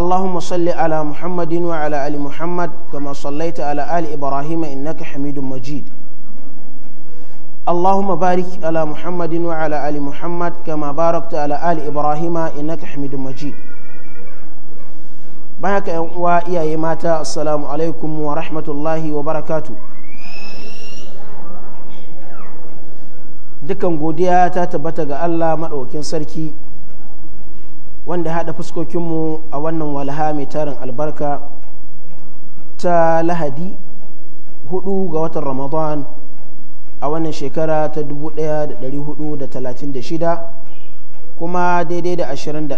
اللهم صل على محمد وعلى ال محمد كما صليت على ال ابراهيم انك حميد مجيد اللهم بارك على محمد وعلى ال محمد كما باركت على ال ابراهيم انك حميد مجيد بارك وإياي ماتا السلام عليكم ورحمة الله وبركاته dukan godiya ta tabbata ga Allah maɗaukin sarki wanda haɗa fuskokinmu a wannan walha mai tarin albarka ta lahadi hudu ga watan ramadan a wannan shekara ta 1436 kuma daidai da 21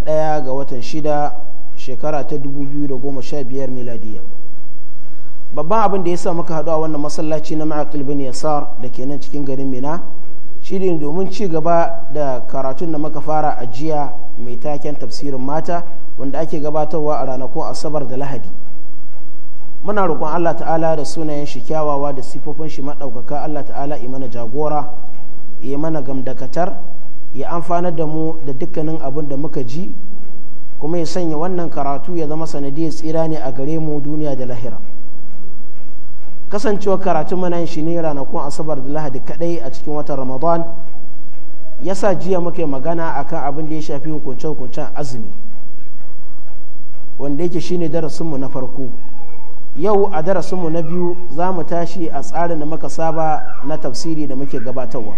ga watan shida shekara ta 2015 miladiyya babban abin da ya sa muka haɗu a wannan masallaci na ma'aƙil bin yasar da ke nan cikin garin mina shirin domin ci gaba da karatun da muka fara a jiya mai taken tafsirin mata wanda ake gabatarwa a ranakun asabar da lahadi muna roƙon allah ta'ala da sunayen shi kyawawa da sifofin shi maɗaukaka allah ta'ala mana jagora ya mana gamdakatar ya amfanar da mu da dukkanin abin da muka ji kuma ya sanya wannan karatu ya zama sanadiyar tsira ne a gare mu duniya da lahira kasancewa karatun mana shi ne ranakun asabar da lahadi kadai a cikin watan ramadan ya sa jiya muke magana akan abin da ya shafi hukunce-hukuncen azumi wanda yake shine darasinmu na farko yau a darasinmu na biyu za mu tashi a tsarin da muka saba na tafsiri da muke gabatarwa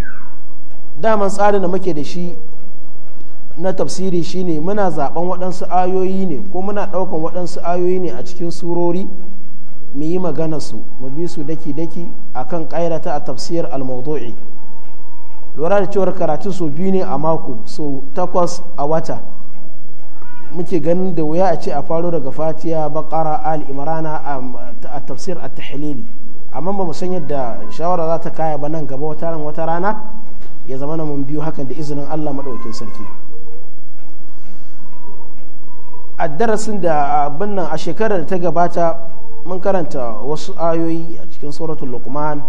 daman tsarin da muke da shi na tafsiri shine muna zaben waɗansu ayoyi ne ko muna ɗaukan waɗansu ayoyi ne a cikin surori mu yi maganarsu mu bi su daki-daki a kan ƙairata a tafsir al-mawdu'i lura da cewar karatu sau biyu ne a mako sau takwas a wata muke ganin da wuya a ce a faro daga fatiya bakara al-imrana a tafsir a tahlili amma ba mu san yadda shawara za ta kaya ba nan gaba wata ran wata rana ya zama na mun biyu hakan da izinin allah maɗaukin sarki a darasin da abin nan a shekarar da ta gabata mun karanta wasu ayoyi a cikin suratul luqman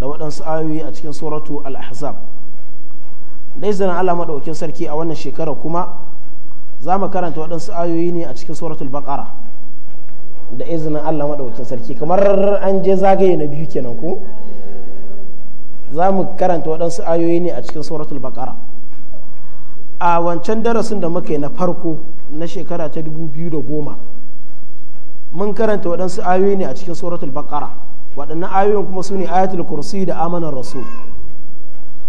da waɗansu ayoyi a cikin suratul al-ahzab da izinin Allah maɗaukin sarki a wannan shekara kuma za mu karanta waɗansu ayoyi ne a cikin suratul baqara da izinin Allah maɗaukin sarki kamar an je zagaye na biyu kenan ku za mu karanta waɗansu ayoyi ne a cikin suratul baqara a wancan darasin da muka yi na farko na shekara ta 2010 mun karanta waɗansu ayoyi ne a cikin suratul baqara waɗannan ayoyin kuma su ne ayatul kursi da amanar rasul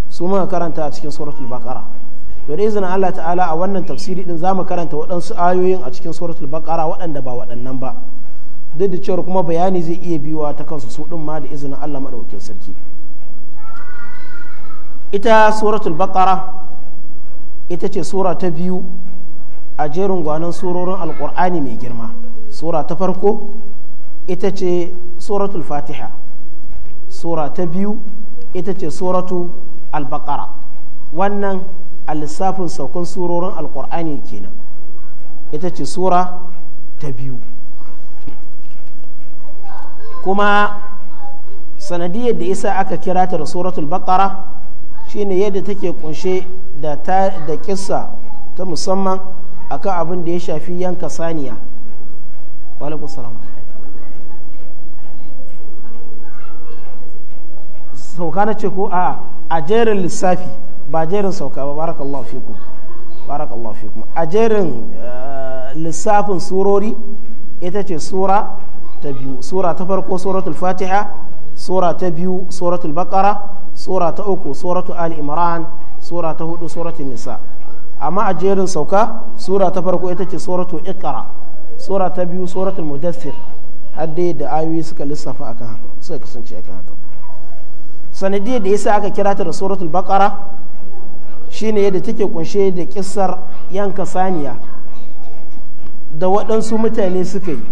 su muka karanta a cikin suratul baqara da izinin Allah ta'ala a wannan tafsiri din zamu karanta waɗansu ayoyin a cikin suratul baqara waɗanda ba waɗannan ba duk da cewar kuma bayani zai iya biyuwa ta kansu su ɗin ma da izinin Allah maɗaukin sarki ita suratul baqara ita ce sura ta biyu a jerin gwanon surorin alkur'ani mai girma sura ta farko ita ce suratul fatiha sura ta biyu ita ce suratu albaƙara wannan a lissafin saukun surorin alkur'ani kenan ita ce sura ta biyu kuma sanadiyar da isa aka kira ta da suratul baqara shine yadda take kunshe da kissa ta musamman akan abin da ya shafi yanka saniya sauka na ceku a a jerin lissafi ba jerin sauka ba barakallahu fikum barakallahu fikum a jerin lissafin surori ita ce sura ta biyu sura ta farko suratul fatiha sura ta biyu suratul baqara sura ta uku suratul ali imran sura ta hudu suratul nisa amma a jerin sauka sura ta farko ita ce suratul tsora ta biyu tsoratul mudassir har dai da ayoyi suka lissafa kan haka suka kasance kan haka sanadiyar da sa aka kira ta da bakara shi shine yadda take kunshe da kissar yanka saniya da waɗansu mutane suka yi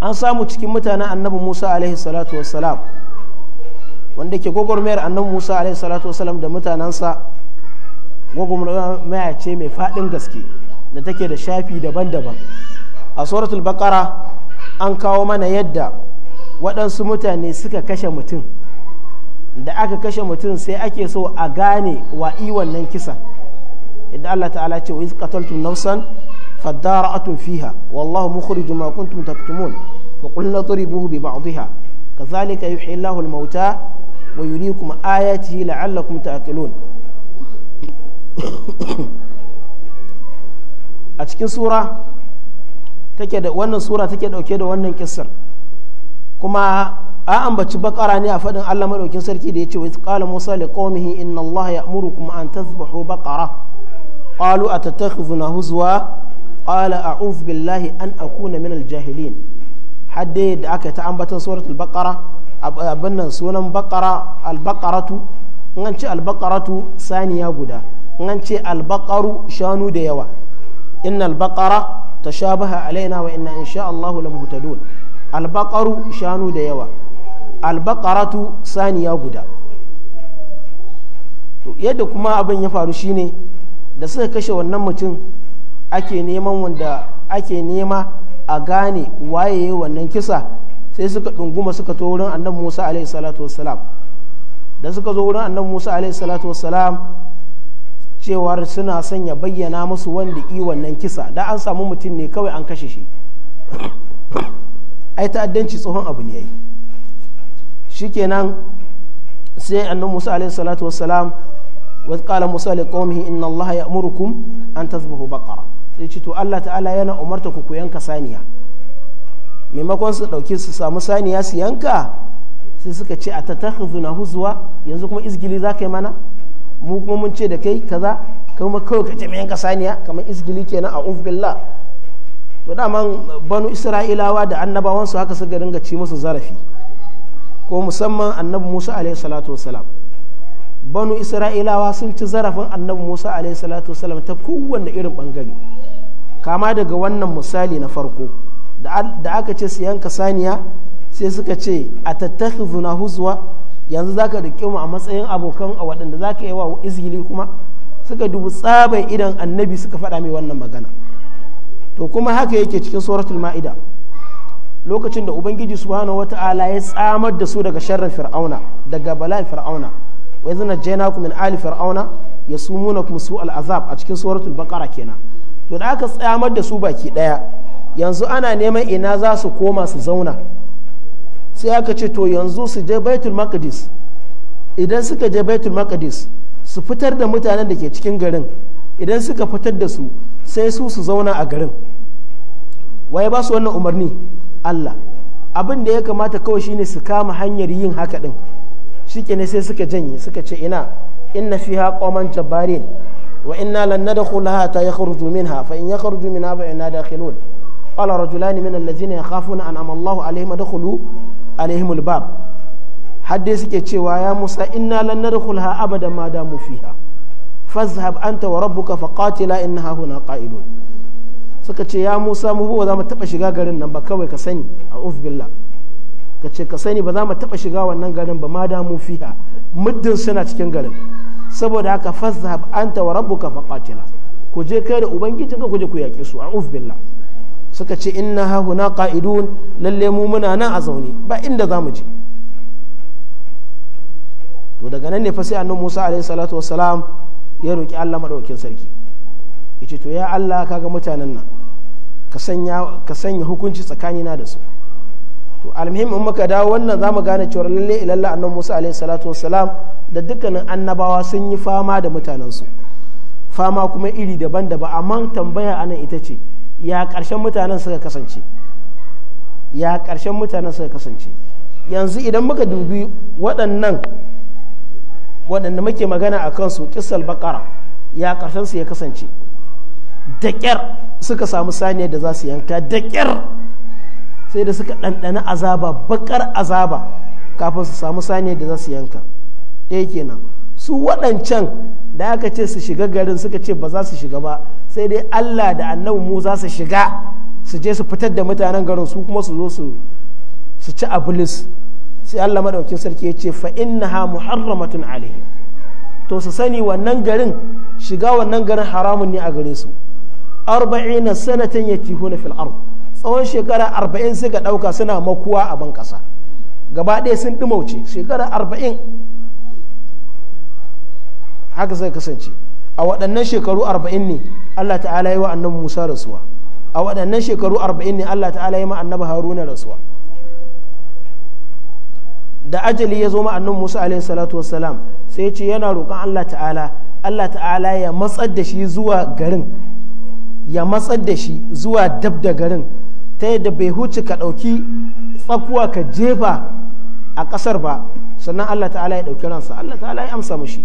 an samu cikin mutanen annabi musa alaihi salatu wassalam wanda ke gwagwarmayar annabi musa alaihi salatu wassalam da mutanensa gwagwarmaya ce mai faɗin gaske da take da shafi daban-daban a suratul bakara an kawo mana yadda waɗansu mutane suka kashe mutum da aka kashe mutum sai ake so a gane wa wannan kisa idan Allah ta'ala ce wa iz qataltum nafsan fadara'atun fiha wallahu mukhrijum ma kuntum taktumun fa qulna duribuhu bi ba'dihha kadhalika yuhyi Allahu al-mauta wa yuriikum ayatihi la'allakum ta'qilun a cikin sura take da wannan sura take dauke da wannan kissar kuma a ambaci bakara ne a fadin Allah madaukin sarki da yace wa qala Musa li qaumihi inna Allah ya'murukum an tadhbahu baqara qalu atatakhuzuna huzwa qala a'udhu billahi an akuna min al-jahilin hadde da aka ta ambatan suratul baqara abannan sunan baqara al-baqaratu in al-baqaratu saniya guda ngance an al-baqaru shanu da yawa innal baqara tashabaha alaina wa inna insha Allahu lamuhtadun albaqaru shanu da yawa albaqaratu saniya guda to yadda kuma abin ya faru shine da suka kashe wannan mutum ake neman wanda ake nema a gane waye wannan kisa sai suka dunguma suka to wurin annabi Musa alaihi salatu wassalam da suka zo wurin annabi Musa alaihi salatu wassalam cewar suna son ya bayyana musu wanda i wannan kisa da an samu mutum ne kawai an kashe shi ai ta'addanci tsohon abu ne yayi shikenan sai annabi Musa alaihi salatu wassalam wa qala Musa li qaumihi inna Allah ya'murukum an tadhbahu baqara sai ce to Allah ta'ala yana umarta ku yanka saniya maimakon su dauki su samu saniya su yanka sai suka ce a huzwa yanzu kuma izgili zakai mana mu kuma mun ce da kai kaza kuma kawai ka jami'an kasaniya kamar isgili kenan a billah to daman banu isra'ilawa da annabawan su haka suka dinga ci musu zarafi ko musamman annabi musa alaihi salatu wasalam banu isra'ilawa sun ci zarafin annabi musa alaihi salatu wasalam ta kowanne irin bangare kama daga wannan misali na farko da aka ce su yanka sai suka ce a tattakhizuna huzwa yanzu za ka riƙe mu a matsayin abokan a waɗanda za ka yi wa izgili kuma suka dubu tsaban idan annabi suka faɗa mai wannan magana to kuma haka yake cikin suratul ma'ida lokacin da ubangiji wata wata'ala ya tsamar da su daga sharrin fir'auna daga bala'in fir'auna wa idh najaynakum min ali fir'auna ya kuma su al'azab a cikin suratul baqara kenan to da aka tsamar da su baki ɗaya. yanzu ana neman ina za su koma su zauna sai aka ce to yanzu su je baitul maqdis idan suka je baitul maqdis su fitar da mutanen da ke cikin garin idan suka fitar da su sai su su zauna a garin waye ba su wannan umarni Allah abin da ya kamata kawai shine su kama hanyar yin haka din shike ne sai suka janye suka ce ina inna fiha qauman jabbarin wa inna lan nadkhulaha ta yakhruju minha fa in yakhruju minha fa inna dakhilun qala rajulani min alladhina yakhafuna an amalla Allahu alaihim adkhulu alaihimul bab hadde suke cewa ya musa inna lan nadkhulha abada ma damu fiha fazhab anta wa rabbuka faqatila innaha huna qa'ilun suka ce ya musa mu ba za mu taba shiga garin nan ba kawai ka sani a billah ka ce ka sani ba za mu taba shiga wannan garin ba ma damu fiha muddin suna cikin garin saboda haka fazhab anta wa rabbuka faqatila ku je kai da ubangijinka ku je ku yaƙe su a billah suka ce inna ha huna ka'idu lalle mu muna nan a zaune ba inda zamu je to daga nan ne fa sai annabi Musa alaihi salatu wassalam ya roki Allah maɗaukin sarki yace to ya Allah kaga mutanen nan ka sanya ka sanya hukunci tsakanina da su to almuhim in muka dawo wannan zamu gane cewa lalle ilalla annabi Musa alaihi salatu wassalam da dukkanin annabawa sun yi fama da mutanensu fama kuma iri daban-daban amma tambaya anan ita ce ya ƙarshen mutanen suka kasance ya ƙarshen mutanen suka kasance yanzu idan muka dubi waɗannan waɗanda muke magana a kansu kisal bakara ya ƙarshen su ya kasance da ƙyar suka samu saniyar da za su yanka da ƙyar sai da suka ɗanɗana azaba baƙar azaba kafin su samu saniyar da za su yanka ɗaya kenan su waɗancan da aka ce su shiga garin suka ce ba za su shiga ba sai dai allah da annabi za su shiga su je su fitar da mutanen garin su kuma su zo su ci abulis sai allah maɗaukin sarki ya ce fa innaha muharramatun alihi to su sani wannan garin shiga wannan garin haramun ne a gare su arba'ina sanatan yatihuna fil ard tsawon shekara arba'in suka ɗauka suna makuwa a ban ƙasa gaba ɗaya sun ɗumauce shekara arba'in haka sai kasance a waɗannan shekaru arba'in ne Allah ta'ala yi wa annabi Musa rasuwa a waɗannan shekaru arba'in ne Allah ta'ala yi ma annabi Haruna rasuwa da ajali ya zo ma annabi Musa alaihi salatu wassalam sai ya ce yana roƙon Allah ta'ala Allah ta'ala ya matsar da shi zuwa garin ya matsar da shi zuwa dab da garin ta yadda bai huce ka ɗauki tsakuwa ka jefa a ƙasar ba sannan Allah ta'ala ya ɗauki ransa Allah ta'ala ya amsa mushi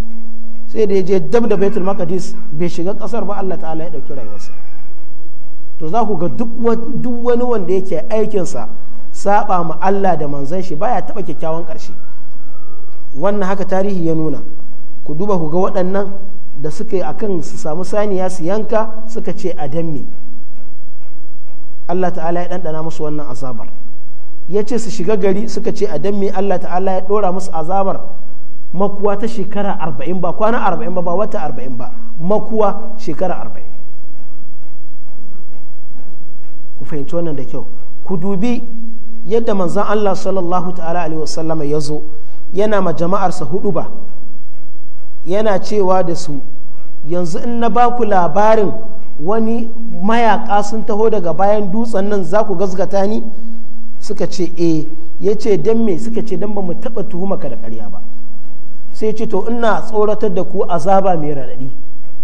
sai da ya je dab da baitul makadis bai shiga kasar ba Allah ta'ala ya dauki rayuwarsa to za ku ga duk wani wanda yake aikinsa saba ma Allah da manzon shi baya taba kyakkyawan karshe wannan haka tarihi ya nuna ku duba ku ga waɗannan da suka yi akan su samu saniya su yanka suka ce a Allah ta'ala ya ɗanɗana musu wannan azabar ya ce su shiga gari suka ce a damme Allah ta'ala ya ɗora musu azabar makuwa ta shekara arba'in ba kwana arba'in ba ba wata arba'in ba makuwa shekara arba'in ku fahimci wannan da kyau ku dubi yadda manzan Allah sallallahu ta'ala alaihi wasallama ya zo yana ma jama'arsa hudu ba yana cewa da su yanzu in na ba ku labarin wani mayaka sun taho daga bayan dutsen nan za ku gazgata ni suka ce eh ya ce don me suka ce don ba mu taɓa tuhumaka da karya ba sai ce to ina tsoratar da ku azaba mai raɗaɗi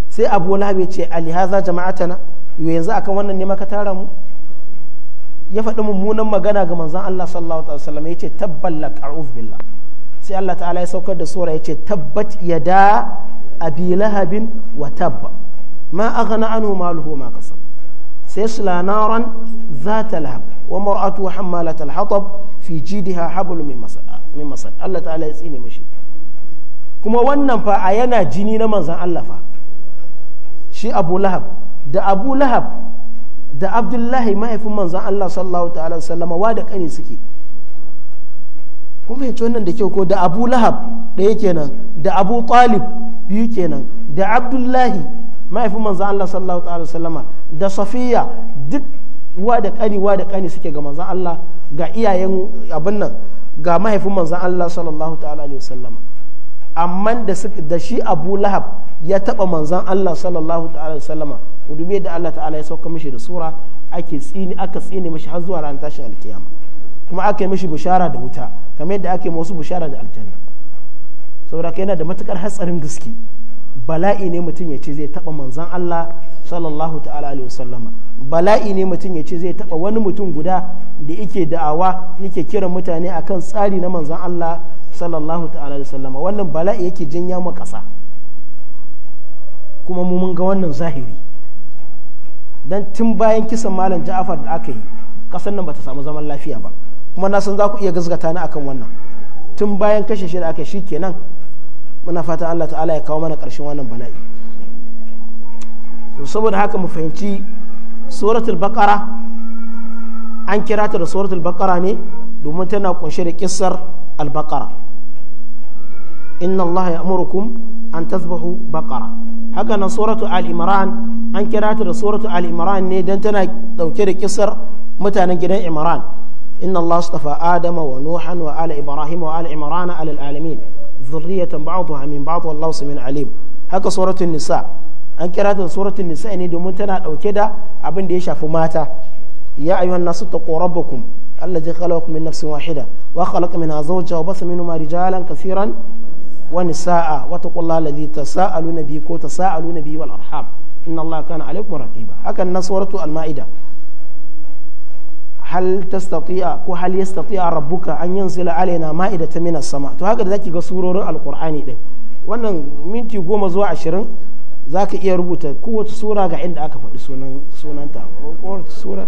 sai abu lahab ya ce alihaza jama'atana yanzu akan wannan ne maka tara mu ya faɗi mummunan magana ga manzon Allah sallallahu alaihi wasallam ya ce tabbalak billah sai Allah ta'ala ya saukar da sura yace ce tabbat yada abi lahabin wa tabba ma aghna anhu maluhu ma kasab سيصلى نارا ذات لهب ومرأته حمالة الحطب في جيدها حبل من مسد من مسد الله تعالى يسيني مشي kuma wannan fa a yana jini na manzan Allah fa shi abu lahab da abu lahab da abdullahi mahaifin manzan Allah sallallahu ta'ala sallama wa da kani suke kuma fahimci wannan da kyau ko da abu lahab ɗaya kenan da abu talib biyu kenan da abdullahi mahaifin manzan Allah sallallahu ta'ala sallama da safiya duk wa da kani wa da kani suke ga manzan Allah ga iyayen abin nan ga mahaifin manzan Allah sallallahu ta'ala alaihi wasallama amma da shi abu lahab ya taɓa manzan allah sallallahu ta'ala sallama dubi da allah ta'ala ya sauka mishi da sura ake tsini aka tsini mishi har zuwa ran tashin alkiyama kuma aka yi mishi bishara da wuta kamar yadda ake wasu bishara da aljanna saboda yana da matukar hatsarin gaske bala'i ne mutum ya ce zai taɓa manzan allah sallallahu ta'ala alaihi wasallama bala'i ne mutum ya ce zai taɓa wani mutum guda da yake da'awa yake kiran mutane akan tsari na manzan allah sallallahu ta'ala da sallama wannan bala'i yake janya mu ƙasa kuma mu mun ga wannan zahiri dan tun bayan kisan malam ja'afar da aka yi ƙasar nan bata samu zaman lafiya ba kuma na san za ku iya gazgata ni akan wannan tun bayan kashe shi da aka shi kenan muna fatan Allah ta'ala ya kawo mana ƙarshen wannan bala'i saboda haka mu fahimci suratul baqara an kira ta da suratul baqara ne domin tana kunshe da kissar albaqara inna allaha ya'murukum an tadhbahu baqara haka nan suratu al an kira ta da suratu al-imran ne dan tana ɗauke da kisar mutanen gidan imran inna allaha astafa adama wa nuhan wa ala ibrahim wa ala imran ala al-alamin dhurriyatan ba'daha min ba'd wallahu samin alim haka suratu nisa an kira ta da suratu nisa ne domin tana ɗauke da abin da ya shafi mata ya ayyuhan nasu taqu rabbakum الذي خلقكم من نفس واحدة وخلق منها زوجها وبث منهما رجالا كثيرا ونساء واتقوا الله الذي تساءلون به وتساءلون به والأرحام إن الله كان عليكم رقيبا هكذا سورة المائدة هل تستطيع هل يستطيع ربك أن ينزل علينا مائدة من السماء وهكذا ذاك سورة القرآن ده wannan minti goma zuwa ashirin za ka iya rubuta kowace sura ga inda aka faɗi sunanta kowace sura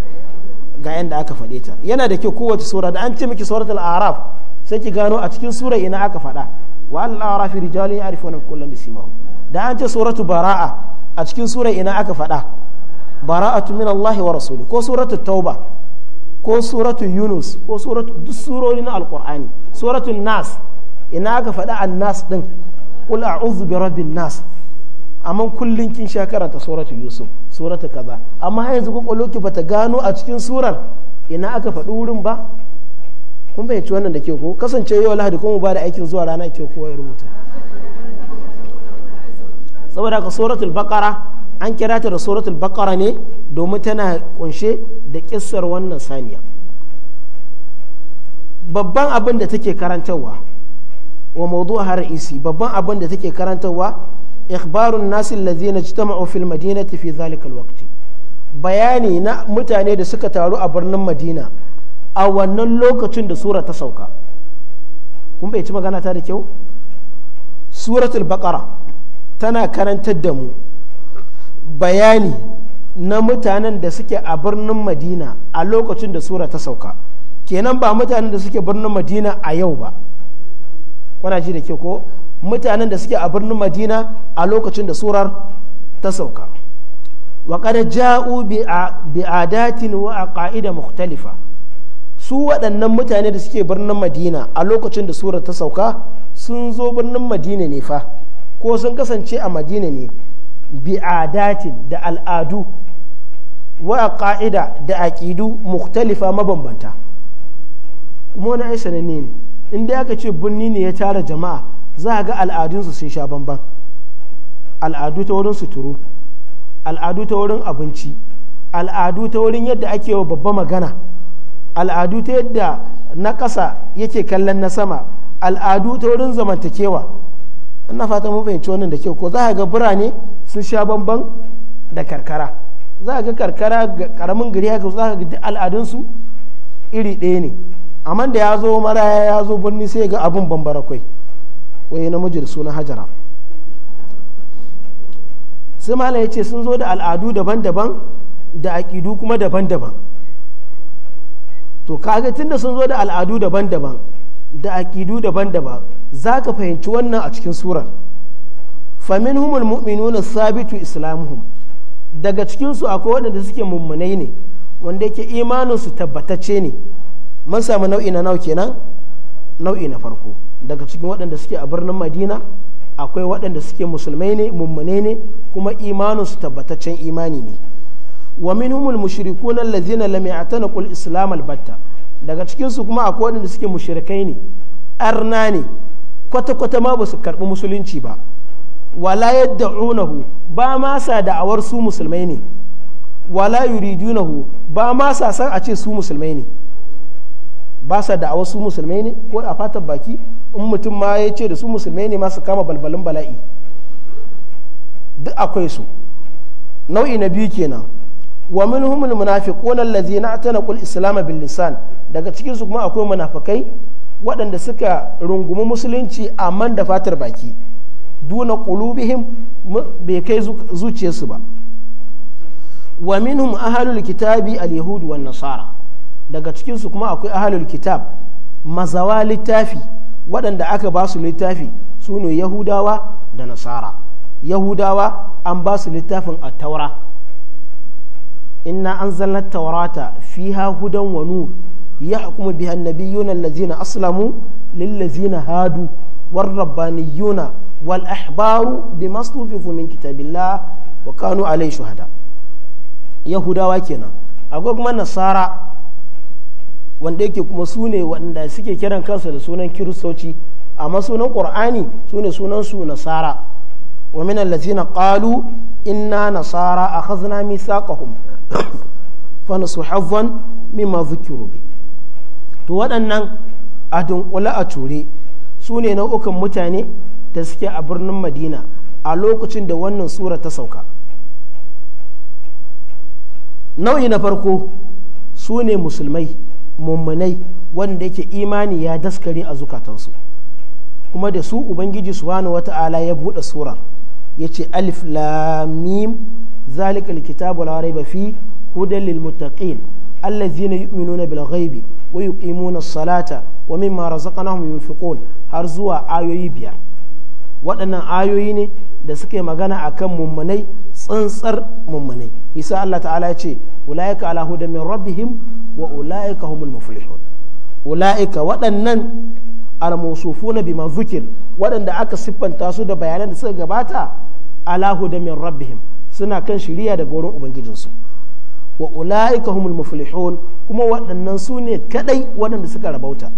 ga yadda aka faɗe ta yana da kyau kowace sura da an ce miki suratul araf sai ki gano a cikin sura ina aka faɗa wa al araf rijalun ya'rifuna kullam bisimahum da an ce suratu bara'a a cikin sura ina aka faɗa bara'atu min Allah wa rasuli ko suratu tauba ko suratu yunus ko suratu duk surori na alqur'ani suratu nas ina aka faɗa an nas din qul a'udhu bi rabbin nas amma kullun kin sha karanta suratu yusuf surata kaza amma har yanzu ki bata gano a cikin surar ina aka faɗi wurin ba kun ci wannan da ke ko kasance yau lahadi kuma ba da aikin zuwa rana ke kowa ya rubuta saboda ka suratul bakara an kira ta da suratul bakara ne domin tana kunshe da kissar wannan saniya babban abin da take karantarwa wa mawdu'uha ra'isi babban abin da take karantarwa ikhbarun nasi lazina ijtama'u fil madinati fi dhalika alwaqti bayani na mutane da suka taru a birnin madina a wannan lokacin da sura ta sauka kun bai ci magana ta da kyau suratul baqara tana karantar da mu bayani na mutanen da suke a birnin madina a lokacin da sura ta sauka kenan ba mutanen da suke birnin madina a yau ba kwana ji da ke ko mutanen da suke a birnin madina a lokacin da surar ta sauka wa ja'u bi adatin wa a ƙa'ida mukhtalifa su waɗannan mutane da suke birnin madina a lokacin da surar ta sauka sun zo birnin madina ne fa ko sun kasance a madina ne bi adatin da al'adu wa a ƙa'ida da aƙidu muktalifa mabambanta kuma wani ne in dai aka ce birni ne ya tara jama'a za a ga al'adunsu sun sha bamban al'adu ta wurin suturu al'adu ta wurin abinci al'adu ta wurin yadda ake wa babba magana al'adu ta yadda na ƙasa yake kallon na sama al'adu ta wurin zamantakewa ina fata mun fahimci wannan da kyau ko za a ga birane sun sha bamban da karkara za a ga karkara karamin gari haka za ga al'adunsu iri ɗaya ne amma da ya zo maraya ya zo birni sai ga abin bambara kwai wai namiji da suna hajara sai ya ce sun zo da al'adu daban-daban da aƙidu kuma daban-daban to kaga tunda sun zo da al'adu daban-daban da aƙidu daban-daban za ka fahimci wannan a cikin surar famin humul mu'minuna sabitu islamuhum daga cikinsu akwai waɗanda suke mummunai ne wanda yake imaninsu tabbatacce ne mun samu nau'i na nawa kenan nau'i na farko daga cikin waɗanda suke a birnin madina akwai waɗanda suke musulmai ne mummune ne kuma imaninsu tabbataccen imani ne wa minhumul mushrikuna allazina lam al islam batta daga cikin su kuma akwai waɗanda suke mushrikai ne arna ne kwata kwata ma basu karbi musulunci ba wala yad'unahu ba ma sa da'awar su musulmai ne wala yuridunahu ba ma sa san a ce su musulmai ne ba sa da wasu musulmai ne ko a fatan baki in mutum ma ya ce da su musulmai ne masu kama balbalin bala'i duk akwai su nau'i na biyu kenan wa minhum almunafiquna allazina atanaqu al-islam bil lisan daga cikin su kuma akwai munafikai waɗanda suka rungumi musulunci a man da fatar baki duna qulubihim bai kai zuciyarsu ba wa minhum ahlul kitabi al-yahud wan nasara daga cikinsu kuma akwai ahalul kitab mazawa littafi waɗanda aka ba su littafi su ne yahudawa da nasara yahudawa an ba su littafin a taura inna an zallar taurata fiha hudan wa nur ya hukumu biha nabiyuna allazina aslamu lillazina hadu wal rabbaniyuna wal ahbaru bi stufifu min kitabillah wa kanu alai shuhada yahudawa kenan akwai kuma nasara wanda yake kuma su ne wanda suke kiran kansa da sunan kiristoci amma sunan ƙur'ani su ne sunan su nasara wa min na qalu inna nasara a akhadna mithaqahum fa nasu hazzan mimma dhukiru bi to waɗannan a dunkule a ture su ne nau'ukan mutane da suke a birnin madina a lokacin da wannan sura ta sauka nau'i na farko su ne musulmai mummunai wanda yake imani ya daskare a zukatansu kuma da su ubangiji subhanahu wata'ala ya buɗe surar yace alif lamim zalika alkitabu la raiba fi hudan lil muttaqin allazina yu'minuna bil ghaibi wa yuqimuna as-salata wa mimma razaqnahum yunfiqun har zuwa ayoyi biyar waɗannan ayoyi ne da suke magana akan mummunai tsantsar mummunai isa Allah ta'ala ya ce ulaika ala hudan min rabbihim wa ula'ika humul muflihun ula'ika waɗannan almusufuna bima zukir waɗanda aka siffanta su da bayanan da suka gabata alahu da min rabbihim suna kan shiriya daga wurin ubangijinsu wa ula'ika humul muflihun kuma waɗannan su ne kadai waɗanda suka rabauta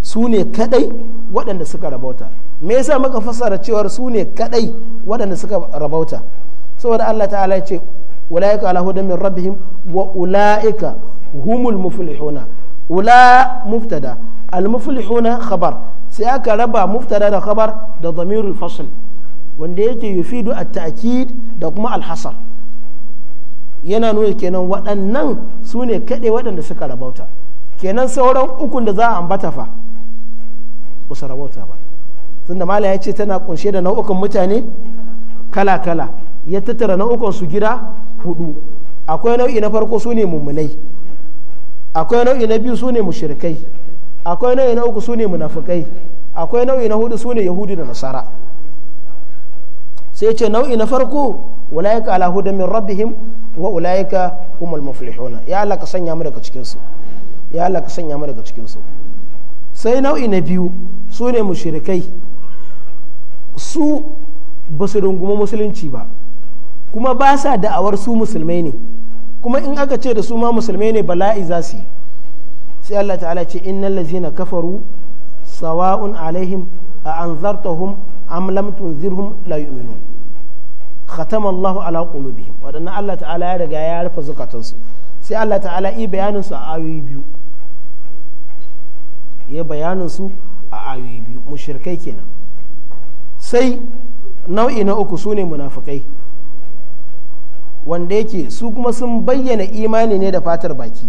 su ne kadai waɗanda suka rabauta me yasa muka fassara cewar su ne kadai waɗanda suka rabauta saboda Allah ta'ala ya ce ula'ika alahu da min rabbihim wa ula'ika humul المفلحون ula muftada al muflihuna khabar sai aka raba muftada da khabar da dhamirul fasl wanda yake yufidu a ta'kid da kuma alhasar yana nuna kenan waɗannan su ne kaɗai waɗanda suka rabauta kenan sauran ukun da za a ambata fa ba su rabauta ba mala ya ce tana kunshe da nau'ukan mutane kala-kala ya tattara nau'ukan su gida hudu akwai nau'i na farko su ne mummunai akwai nau'i na biyu sune mushrikai akwai nau'i na uku sune munafikai akwai nau'i na hudu sune yahudu da nasara sai ce nau'i na farko ulaika ala hudan min rabbihim wa ulaika humul muflihuna ya Allah ka sanya mu daga cikin su ya Allah ka sanya mu daga cikin su sai nau'i na biyu sune mushrikai su ba su rungumi musulunci ba kuma ba sa da'awar su musulmai ne kuma in aka ce da su ma musulmai ne bala'i za su yi sai Allah ta'ala ce innal ladzina kafaru sawa'un alaihim a anzartahum am lam tunzirhum la yu'minun khatama Allahu ala qulubihim wadannan Allah ta'ala ya riga ya rufe zukatansu sai Allah ta'ala yi bayanin su a ayoyi biyu ya bayanin su a ayoyi biyu mushrikai kenan sai nau'i na uku sune munafukai. wanda yake su kuma sun bayyana imani ne da fatar baki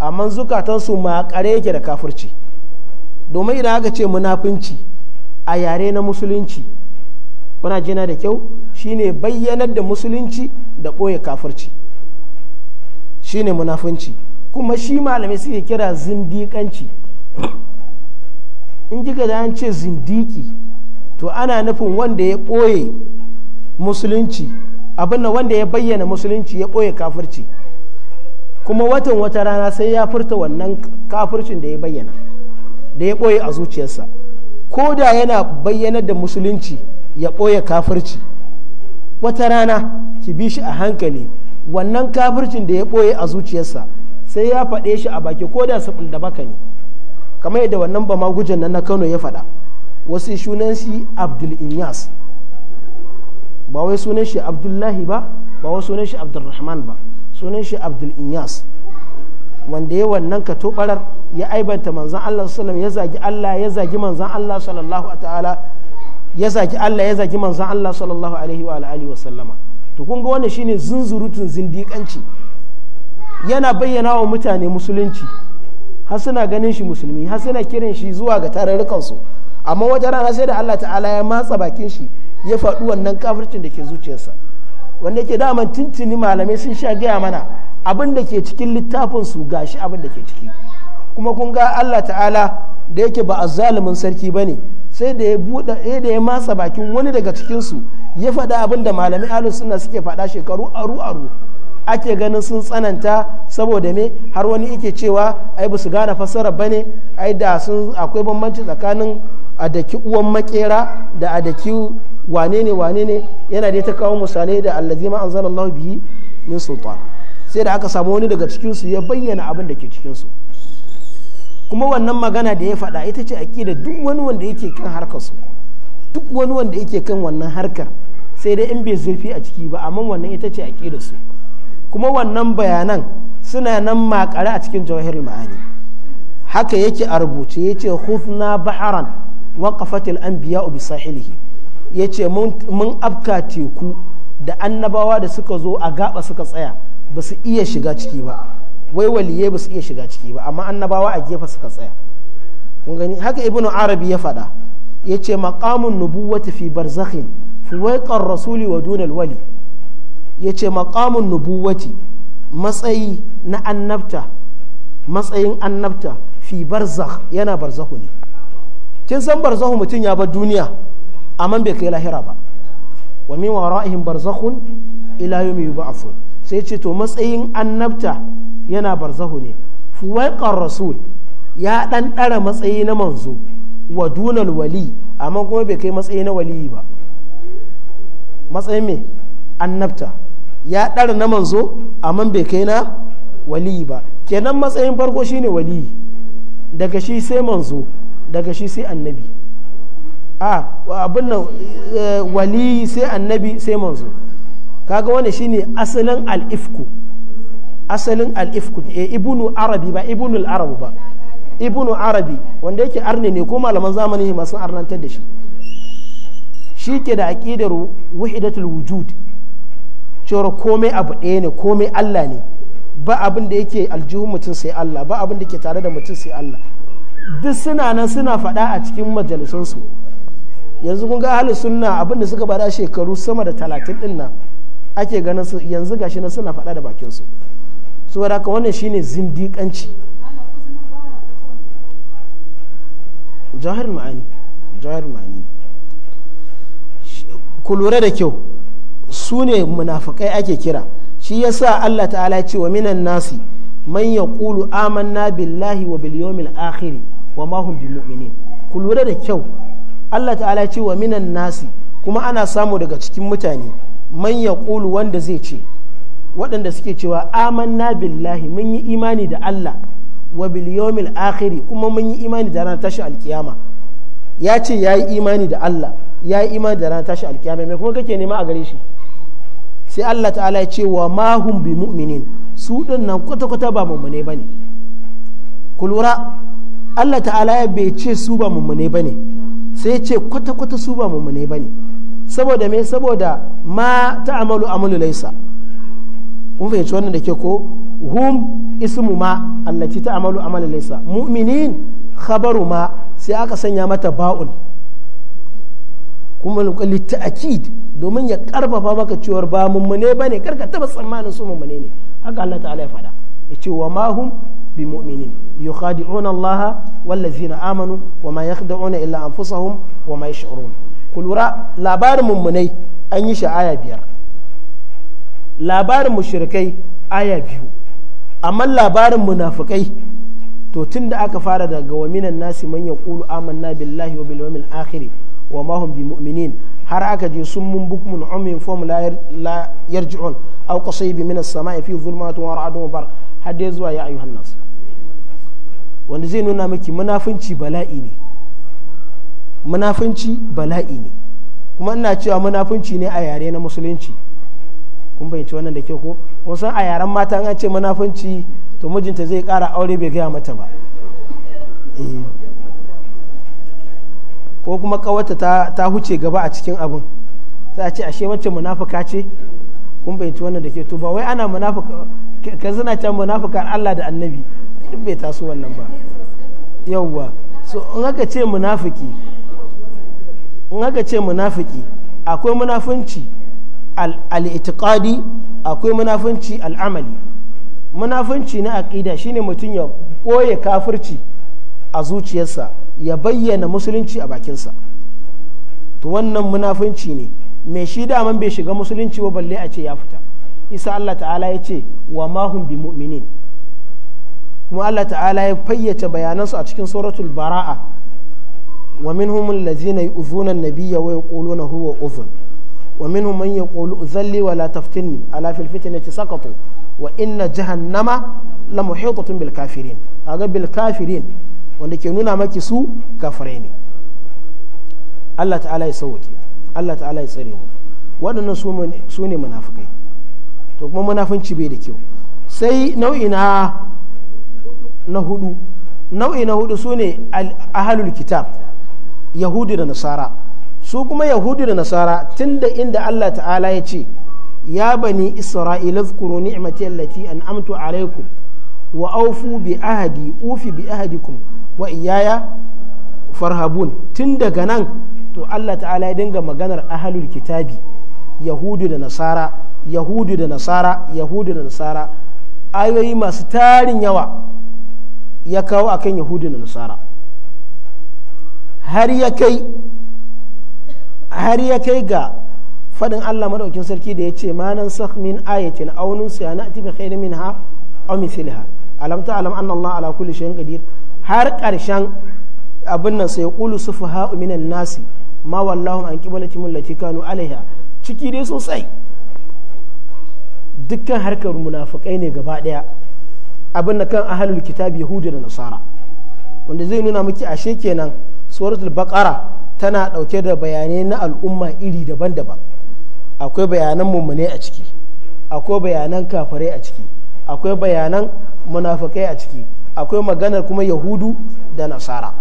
amma zukatansu kare yake da kafirci domin idan aka ce munafunci a yare na musulunci kuna jina da kyau shine bayyanar da musulunci da ɓoye kafirci shine munafunci kuma shi malamai suke kira zindikanci in kika da an ce zindiki to ana nufin wanda ya ɓoye musulunci abin nan wanda ya bayyana musulunci ya ɓoye kafirci kuma watan wata rana sai ya furta wannan kafircin da ya bayyana da ya ɓoye a zuciyarsa ko da yana bayyana da musulunci ya ɓoye kafirci wata rana ki bi shi a hankali wannan kafircin da ya ɓoye a zuciyarsa sai ya faɗe shi a baki ko da sabul da baka ne kamar yadda wannan ba magujan nan na kano ya faɗa wasu shunan shi abdul inyas ba wai sunan shi abdullahi ba ba wai sunan shi abdulrahman ba sunan shi abdul inyas wanda ya wannan ka tobarar ya aibanta manzan Allah sallam ya zagi Allah ya zagi manzan Allah sallallahu ta'ala ya zagi Allah ya zagi manzan Allah sallallahu alaihi wa alihi wa sallama to kun ga wannan shine zunzurutun zindiƙanci yana bayyana wa mutane musulunci har suna ganin shi musulmi har suna kiran shi zuwa ga tararrukan su amma wata rana sai da Allah ta'ala ya matsa bakin shi ya faɗi wannan kafircin da ke zuciyarsa wanda ke daman tintini malamai sun sha gaya mana abin da ke cikin littafin su gashi abin da ke ciki kuma kun ga Allah ta'ala da yake ba a zalimin sarki bane sai da ya buɗe da ya matsa bakin wani daga cikin su ya faɗa abin da malamai ahlus sunna suke faɗa shekaru aru aru ake ganin sun tsananta saboda me har wani yake cewa ai ba su gane fassara ba ne ai da sun akwai bambanci tsakanin adaki uwan makera da a wane ne wane ne yana dai ta kawo misalai da allazi ma Allah bihi min sultan sai da aka samu wani daga cikin su ya bayyana abin da ke cikin su kuma wannan magana da ya faɗa ita ce aƙida duk wani wanda yake kan harkar su duk wani wanda yake kan wannan harkar sai dai in bai zurfi a ciki ba amma wannan ita ce aƙida su kuma wannan bayanan suna nan makare a cikin jawahirul ma'ani haka yake a rubuce yace hufna baharan waqafatil anbiya bi sahilihi yace mun afka teku da annabawa da suka zo a gaba suka tsaya ba su iya shiga ciki ba wai waliye ba su iya shiga ciki ba amma annabawa a gefe suka tsaya kun gani haka ibnu arabi ya faɗa ya ce maqamun nubuwati fi barzakhin fuwaiqar rasuli wa dunal wali ya ce maƙamun nubuwati matsayi na annabta matsayin annabta fi barzakh yana barzahu ne kin san barzahu mutum ya bar duniya amma bai kai lahira ba wa min wara'ihim barzakhun ila yawmi yub'athun sai ce to matsayin annabta yana barzahu ne fuwaiqar rasul ya dan dara matsayi na manzo wa dunal wali amma kuma bai kai matsayi na waliyi ba matsayin me annabta ya ɗara na manzo amma bai kai na waliyi ba kenan matsayin farko shine waliyi daga shi sai manzo daga shi sai annabi a abin nan eh, waliyi sai annabi sai manzo kaga wani shine asalin al'ifku asalin al'ifku e ibnu arabi ba ibnu arabu ba ibnu arabi wanda yake arne ne ko malaman zamani masu arnantar da shi shi ke da aƙidar wahidatul wujud cewar komai abu ɗaya ne komai Allah ne ba abin da yake aljihun mutum sai Allah ba abin da ke tare da mutum sai Allah duk suna nan suna faɗa a cikin majalisunsu yanzu kun ga ahli sunna abin da suka bada shekaru sama da talatin ɗin nan ake ganin su yanzu gashi na suna faɗa da bakin su saboda haka wannan shine zindiƙanci jahar ma'ani ma'ani ku lura da kyau su ne munafukai ake kira shi ya sa Allah ta'ala ce wa minan nasi man kulu amanna billahi wa biliyomin akhiri wa mahun bi mu'minin ku lura da kyau Allah ta'ala ce wa minan nasi kuma ana samu daga cikin mutane man ƙulu wanda zai ce waɗanda suke cewa amanna billahi mun yi imani da Allah wa biliyomin akhiri kuma mun yi imani da ranar tashi alkiyama ya ce ya yi imani da Allah ya yi imani da ranar tashi alkiyama me kuma kake nema a gare shi sai Allah ta'ala ya ce wa mahum bi mu'minin su ɗin nan kwata-kwata ba mummune ba ku lura Allah ta'ala ya bai ce su ba mummune ne sai ya ce kwata-kwata su ba mummune ne saboda me saboda ma ta amalu amalu laisa kun fahimci wannan da ke ko hum ismu ma allati ta'amalu amalu laisa mu'minin khabaru ma sai aka sanya mata ba'un kuma litta'akid domin ya karfafa maka cewar ba mummune bane karka taba tsammanin su mummune ne haka Allah ta'ala ya faɗa ya ce wa mahum bi mu'minin yukhadi'una Allah wallazina amanu wa ma yakhda'una illa anfusahum wa ma yash'urun kulura labarin mummunai an yi sha'aya biyar labarin mushrikai aya biyu amma labarin munafikai to tunda aka fara daga wa minan nasi man yaqulu amanna billahi wa bil yawmil akhir wa mahum bi mu'minin har aka je summun bukmun umin fom la yarji'un aw qasibi min as-sama'i fi dhulmatin wa ra'dun bar hadde zuwa ya ayyuhan nas wanda zai nuna miki munafunci bala'i ne munafinci bala'i ne kuma ina cewa munafunci ne a yare na musulunci kun bayyanci wannan da ke ko kun san a yaren mata an ce munafunci to mijinta zai kara aure bai gaya mata ba eh ko kuma kawarta ta huce gaba a cikin abin sai a ce ashe wacce munafuka ce kun bayyanci wannan da ke to ba wai ana munafuka ka zina can munafuka Allah da annabi duk bai taso wannan ba yawwa so in aka ce munafiki in aka ce munafiki akwai munafunci al-i'tiqadi akwai munafunci al-amali munafunci na aqida shine mutum ya koye kafirci a zuciyarsa ya bayyana musulunci a bakinsa to wannan munafunci ne mai shi daman bai shiga musulunci ba balle a ce ya fita isa Allah ta'ala ya ce wa mahun bi mu'minin kuma Allah ta'ala ya fayyace bayanansu a cikin suratul bara'a wa minhum allazina yu'zuna an-nabiyya wa yaquluna huwa uzun wa minhum man yaqulu uzalli wa la taftinni ala fil fitnati sakatu wa inna jahannama la muhitatun bil kafirin aga bil kafirin wanda ke nuna maki su kafirai ne Allah ta'ala ya sauke Allah ta'ala ya tsare mu waɗannan su ne munafukai to kuma munafunci bai da kyau sai nau'i na na hudu nau'i na hudu su ne ahalul kitab yahudi da nasara su kuma yahudi da nasara tunda inda Allah ta'ala ya ce ya bani isra'ila zkuru ni'mati allati an'amtu alaikum wa aufu bi ahadi ufi bi ahadikum wa iyaya farhabun tun daga nan to Allah ta'ala ya dinga maganar ahalul kitabi yahudu da nasara yahudu da nasara yahudu da nasara ayoyi masu tarin yawa ya kawo akan yahudu da nasara har ya kai har ya kai ga faɗin Allah madaukin sarki da ya ce manan sakh min ayatin aunun siya na atibi khairin minha aw mithliha alam ta alam anna Allah ala kulli shay'in qadir har karshen abin nan sai qulu sufaha minan nasi ma wallahu an qiblati allati kanu alaiha ciki dai sosai dukkan harkar munafikai ne gaba daya abin da kan ahlul kitab yahudi da nasara wanda zai nuna miki ashe kenan suratul baqara tana dauke da bayanai na al'umma iri daban-daban akwai bayanan mummune a ciki akwai bayanan kafare a ciki akwai bayanan munafukai a ciki akwai maganar kuma yahudu da nasara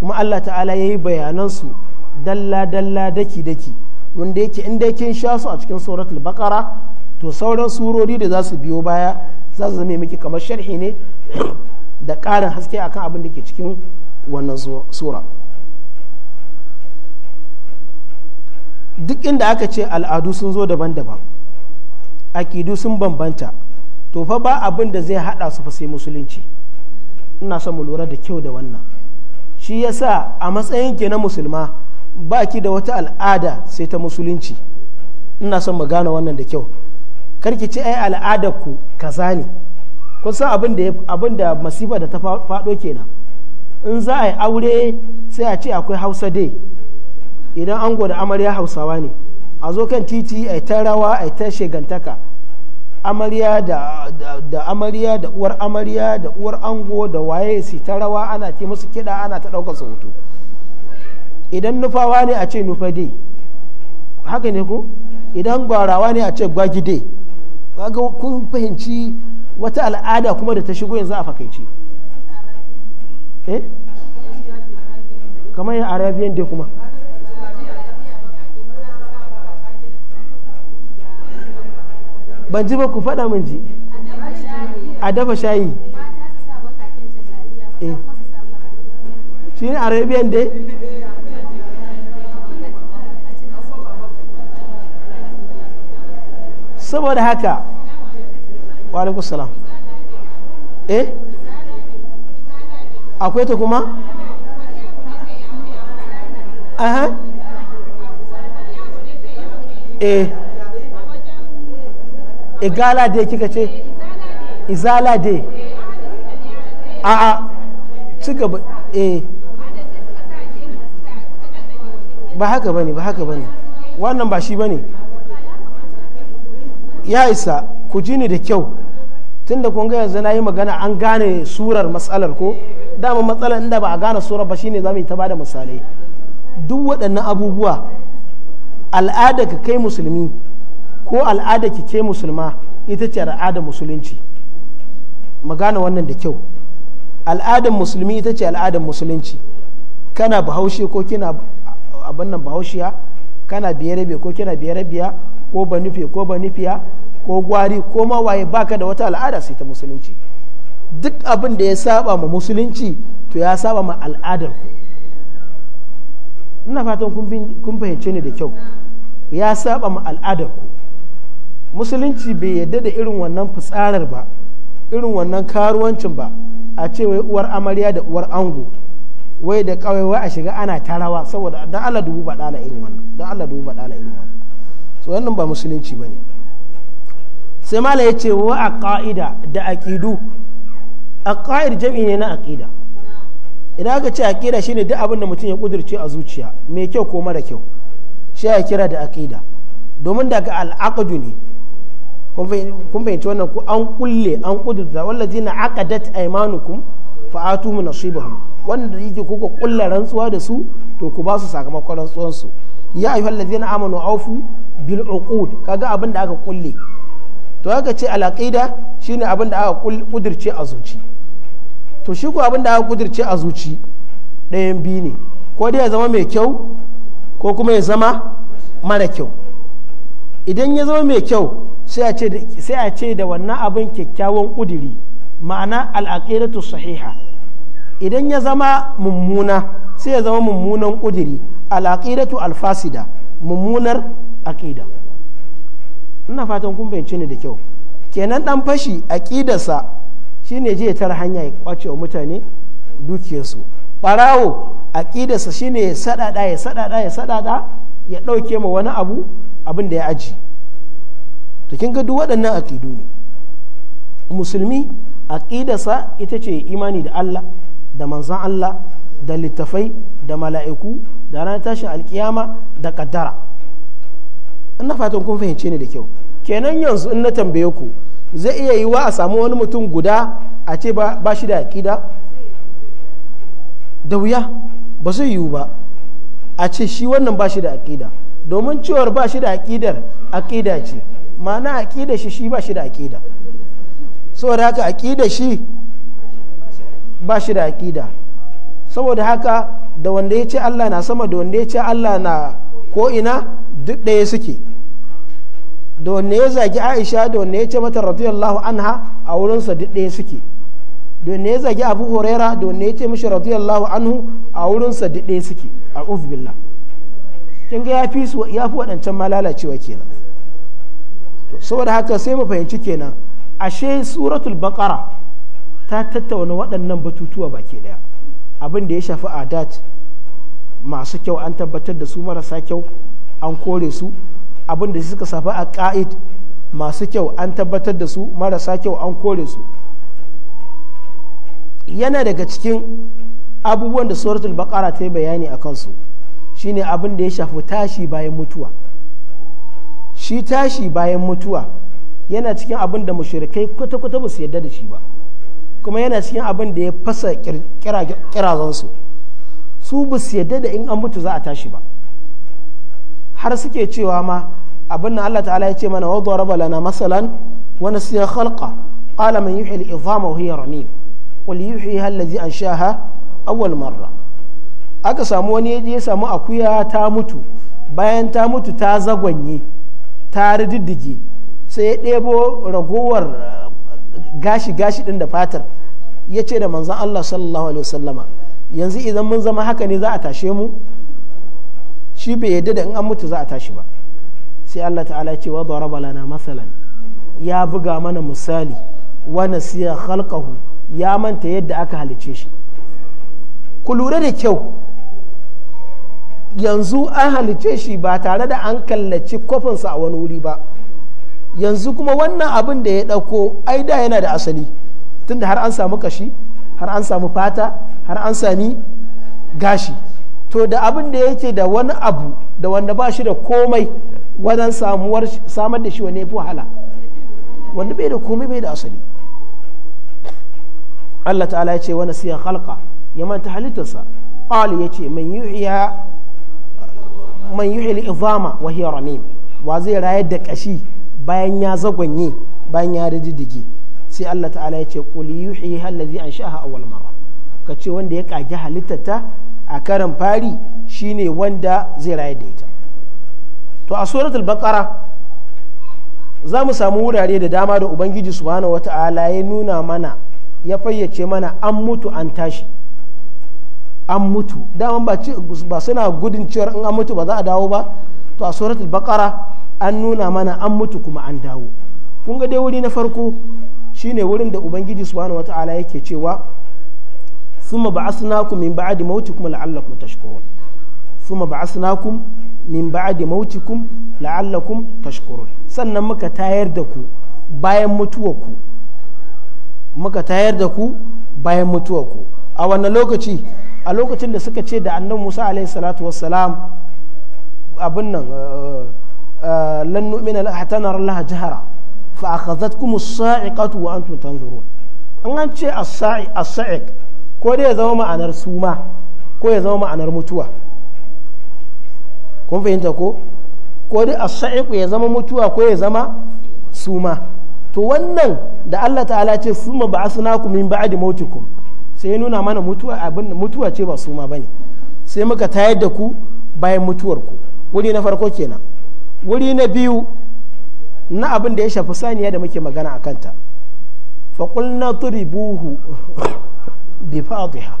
kuma allah ta'ala ya yi bayanansu dalla-dalla daki-daki wanda yake inda kin sha su a cikin suratul bakara to sauran surori da za su biyo baya za su zame miki kamar sharhi ne da ƙarin haske akan abin da ke cikin wannan sura duk inda aka ce al'adu sun zo daban-daban akidu sun bambanta to fa ba abin da zai hada su fa sai musulunci ina son mu lura da kyau da wannan shi yasa a matsayin ki na musulma ba ki da wata al'ada sai ta musulunci ina son mu gane wannan da kyau karki ci ai al'adar ku kaza ne kun san abin da abin da masifa da ta fado kenan in za a yi aure sai a ce akwai hausa dai idan ango da amarya hausawa ne a zo kan titi a ta rawa a ta shegantaka amarya da amarya da uwar amarya da uwar ango da waye su ta rawa ana ce musu kiɗa ana ta ɗaukar su hoto idan nufawa ne a ce dai haka ne ko idan gwarawa ne a ce dai kaga kun fahimci wata al'ada kuma da ta shigo yanzu a fakaici eh kamar yin arabiyan dai kuma ban ji ba ku faɗa min ji a dafa shayi eh. shi ne arabian dai saboda haka wa salam eh akwai ta kuma aha eh igala dai kika ce izala dai a'a ci gaba eh ba haka bane ba haka bane wannan ba shi bane ya isa ku ji ni da kyau tunda kun ga yanzu na yi magana an gane surar matsalar ko dama matsalar inda ba a gane surar ba shine za mu yi ta bada misalai duk waɗannan abubuwa al'ada ka kai musulmi ko al'ada ki ke musulma ita ce al'ada musulunci magana wannan da kyau al'adan musulmi ita ce al'adan musulunci kana bahaushe ko kina abin nan bahaushiya kana biyarabe ko kina biyarabiya ko ba nufe ko ba nufiya ko gwari ko mawaye baka da wata al'ada sai ta musulunci duk abin da ya saba ma musulunci to ya saba ma al'adar ku ina fatan kun fahimce ni da kyau ya saba ma al'adar ku musulunci bai yadda da irin wannan fitsarar ba irin wannan karuwancin ba a ce wai uwar amarya da uwar ango wai da kawai wai a shiga ana tarawa saboda dan Allah dubu ba dala irin wannan dan Allah dubu ba dala wannan so wannan ba musulunci bane sai mala yace wa aqaida da aqidu aqaid jami'i ne na aqida idan aka ce aqida shine duk abin da mutum ya kudirce a zuciya mai kyau ko mara kyau shi ya kira da aqida domin daga al'aqdu ne kun fahimci wannan ku an kulle an kudurta wallazi na aqadat aymanukum fa atumu nasibahum wanda yake kuka kulla rantsuwa da su to ku ba su sakamakon rantsuwan su ya ayyuha allazina amanu aufu bil uqud kaga abin da aka kulle to aka ce alaƙida shine abin da aka kudurce a zuci to shi ko abin da aka kudurce a zuci ɗayan biyu ne ko dai ya zama mai kyau ko kuma ya zama mara kyau idan ya zama mai kyau sai a ce da wannan abin kyakkyawan ƙudiri ma'ana al'aƙiratu sahiha idan ya zama mummuna sai ya zama mummunan ƙudiri al'aƙiratu alfasida mummunar aƙida ina fatan kun bayanci da kyau kenan ɗan fashi aƙidarsa shine je tar hanya ya kwace wa mutane dukiyarsu ɓarawo aƙidarsa shine ya saɗaɗa ya saɗaɗa ya saɗaɗa ya ɗauke ma wani abu abin da ya aji to gado ga duk waɗannan aƙidu ne musulmi aƙidarsa ita ce imani da Allah da manzan Allah da littafai da mala'iku da ranar tashin alkiyama da kaddara ina fatan kun fahimce ni da kyau kenan yanzu in na tambaye ku zai iya yi a samu wani mutum guda a ce ba shi da aƙida da wuya ba zai yiwu ba a ce shi wannan ba shi da aƙida domin cewar ba shi da aƙidar aƙida ce ma'ana aƙida shi shi ba shi da aƙida saboda haka aƙida shi ba shi da aƙida saboda haka da wanda ya ce Allah na sama da wanda ya ce Allah na ko'ina duk ɗaya suke da wanda ya zagi aisha da wanda ya ce mata radiyallahu anha a wurinsa duk ɗaya suke da wanda ya zagi abu horera da wanda ya ce mishi radiyallahu anhu a wurinsa duk ɗaya suke a billah kin ga ya fi waɗancan malalacewa lalacewa kenan saboda haka sai mu fahimci kenan ashe suratul baqara ta tattauna waɗannan batutuwa baki ɗaya abin da ya shafi adat masu kyau an tabbatar da su marasa kyau an kore su abin da suka safi a ƙa'id masu kyau an tabbatar da su marasa kyau an kore su yana daga cikin abubuwan da suratul baqara ta yi bayani a kansu shine abin da ya shafi tashi bayan mutuwa shi tashi bayan mutuwa yana cikin abin da mushrikai kwata-kwata ba su yadda da shi ba kuma yana cikin abin da ya fasa kirazansu su ba su yadda da in an mutu za a tashi ba har suke cewa ma abin da Allah ta'ala ya ce mana wa daraba lana masalan wani su ya qala man yuhyi al-idhama wa hiya ramim qul awwal marra aka samu wani ya samu akuya ta mutu bayan ta mutu ta zagwanye ta diddige sai ya ɗebo ragowar gashi-gashi uh, ɗin da fatar ya ce da manzan Allah sallallahu alaihi wasallama yanzu idan mun zama haka ne za a tashe mu shi bai yadda da in an mutu za a tashi ba sai Allah ta'ala ce wa rabala na masalan ya buga mana misali wani siya halkahu ya manta yadda aka halice shi ku lura da kyau yanzu an halice shi ba tare da an kallaci kofinsa a wani wuri ba yanzu kuma wannan abin da ya ɗauko ai da yana da asali tunda har an samu kashi har an samu fata har an sami gashi to da abin da yake da wani abu da wanda ba shi da komai wajen samuwar samar da shi wani ya fi wahala wanda bai da komai bai da asali Allah ta'ala ya ce wani siyan halka ya manta halittarsa ƙwali ya ce mai yuhiya man yuhil izama wa ramim wa zai raye da kashi bayan ya zagonye bayan ya rididdige sai Allah ta'ala ya ce qul yuhi an a awwal ka ce wanda ya kage halittata a karan fari shine wanda zai raye da ita to a suratul baqara za mu samu wurare da dama da ubangiji subhanahu wata'ala ya nuna mana ya fayyace mana an mutu an tashi an mutu daman ba suna gudun cewar in an mutu ba za a dawo ba to a al-baqara an nuna mana an mutu kuma an dawo kun ga dai wuri na farko shine wurin da ubangiji subhanahu wataala yake cewa thumma ba'asnakum min ba'di mautikum la'allakum tashkurun thumma ba'asnakum min ba'di mautikum la'allakum tashkurun sannan muka tayar da ku bayan mutuwarku muka tayar da ku bayan mutuwarku a wannan lokaci a lokacin da suka ce da annan musa alaihi salatu wassalam abin nan eh, eh, lan nu'mina hatta nara laha jahara fa akhadhatkum as-sa'iqatu wa antum tanzurun an an ce as-sa'iq ko dai ya zama ma'anar suma ko ya zama ma'anar mutuwa kun fahimta ko ko dai as-sa'iq ya zama mutuwa ko ya zama suma to wannan da Allah ta'ala ce suma summa ba'athnakum min ba'di mautikum sai ya nuna mana mutuwa abin mutuwa ce ba suma bane sai muka tayar da ku bayan mutuwar ku wuri na farko kenan wuri na biyu na abin da ya shafi saniya da muke magana a kanta na turibuhu bi ba'dha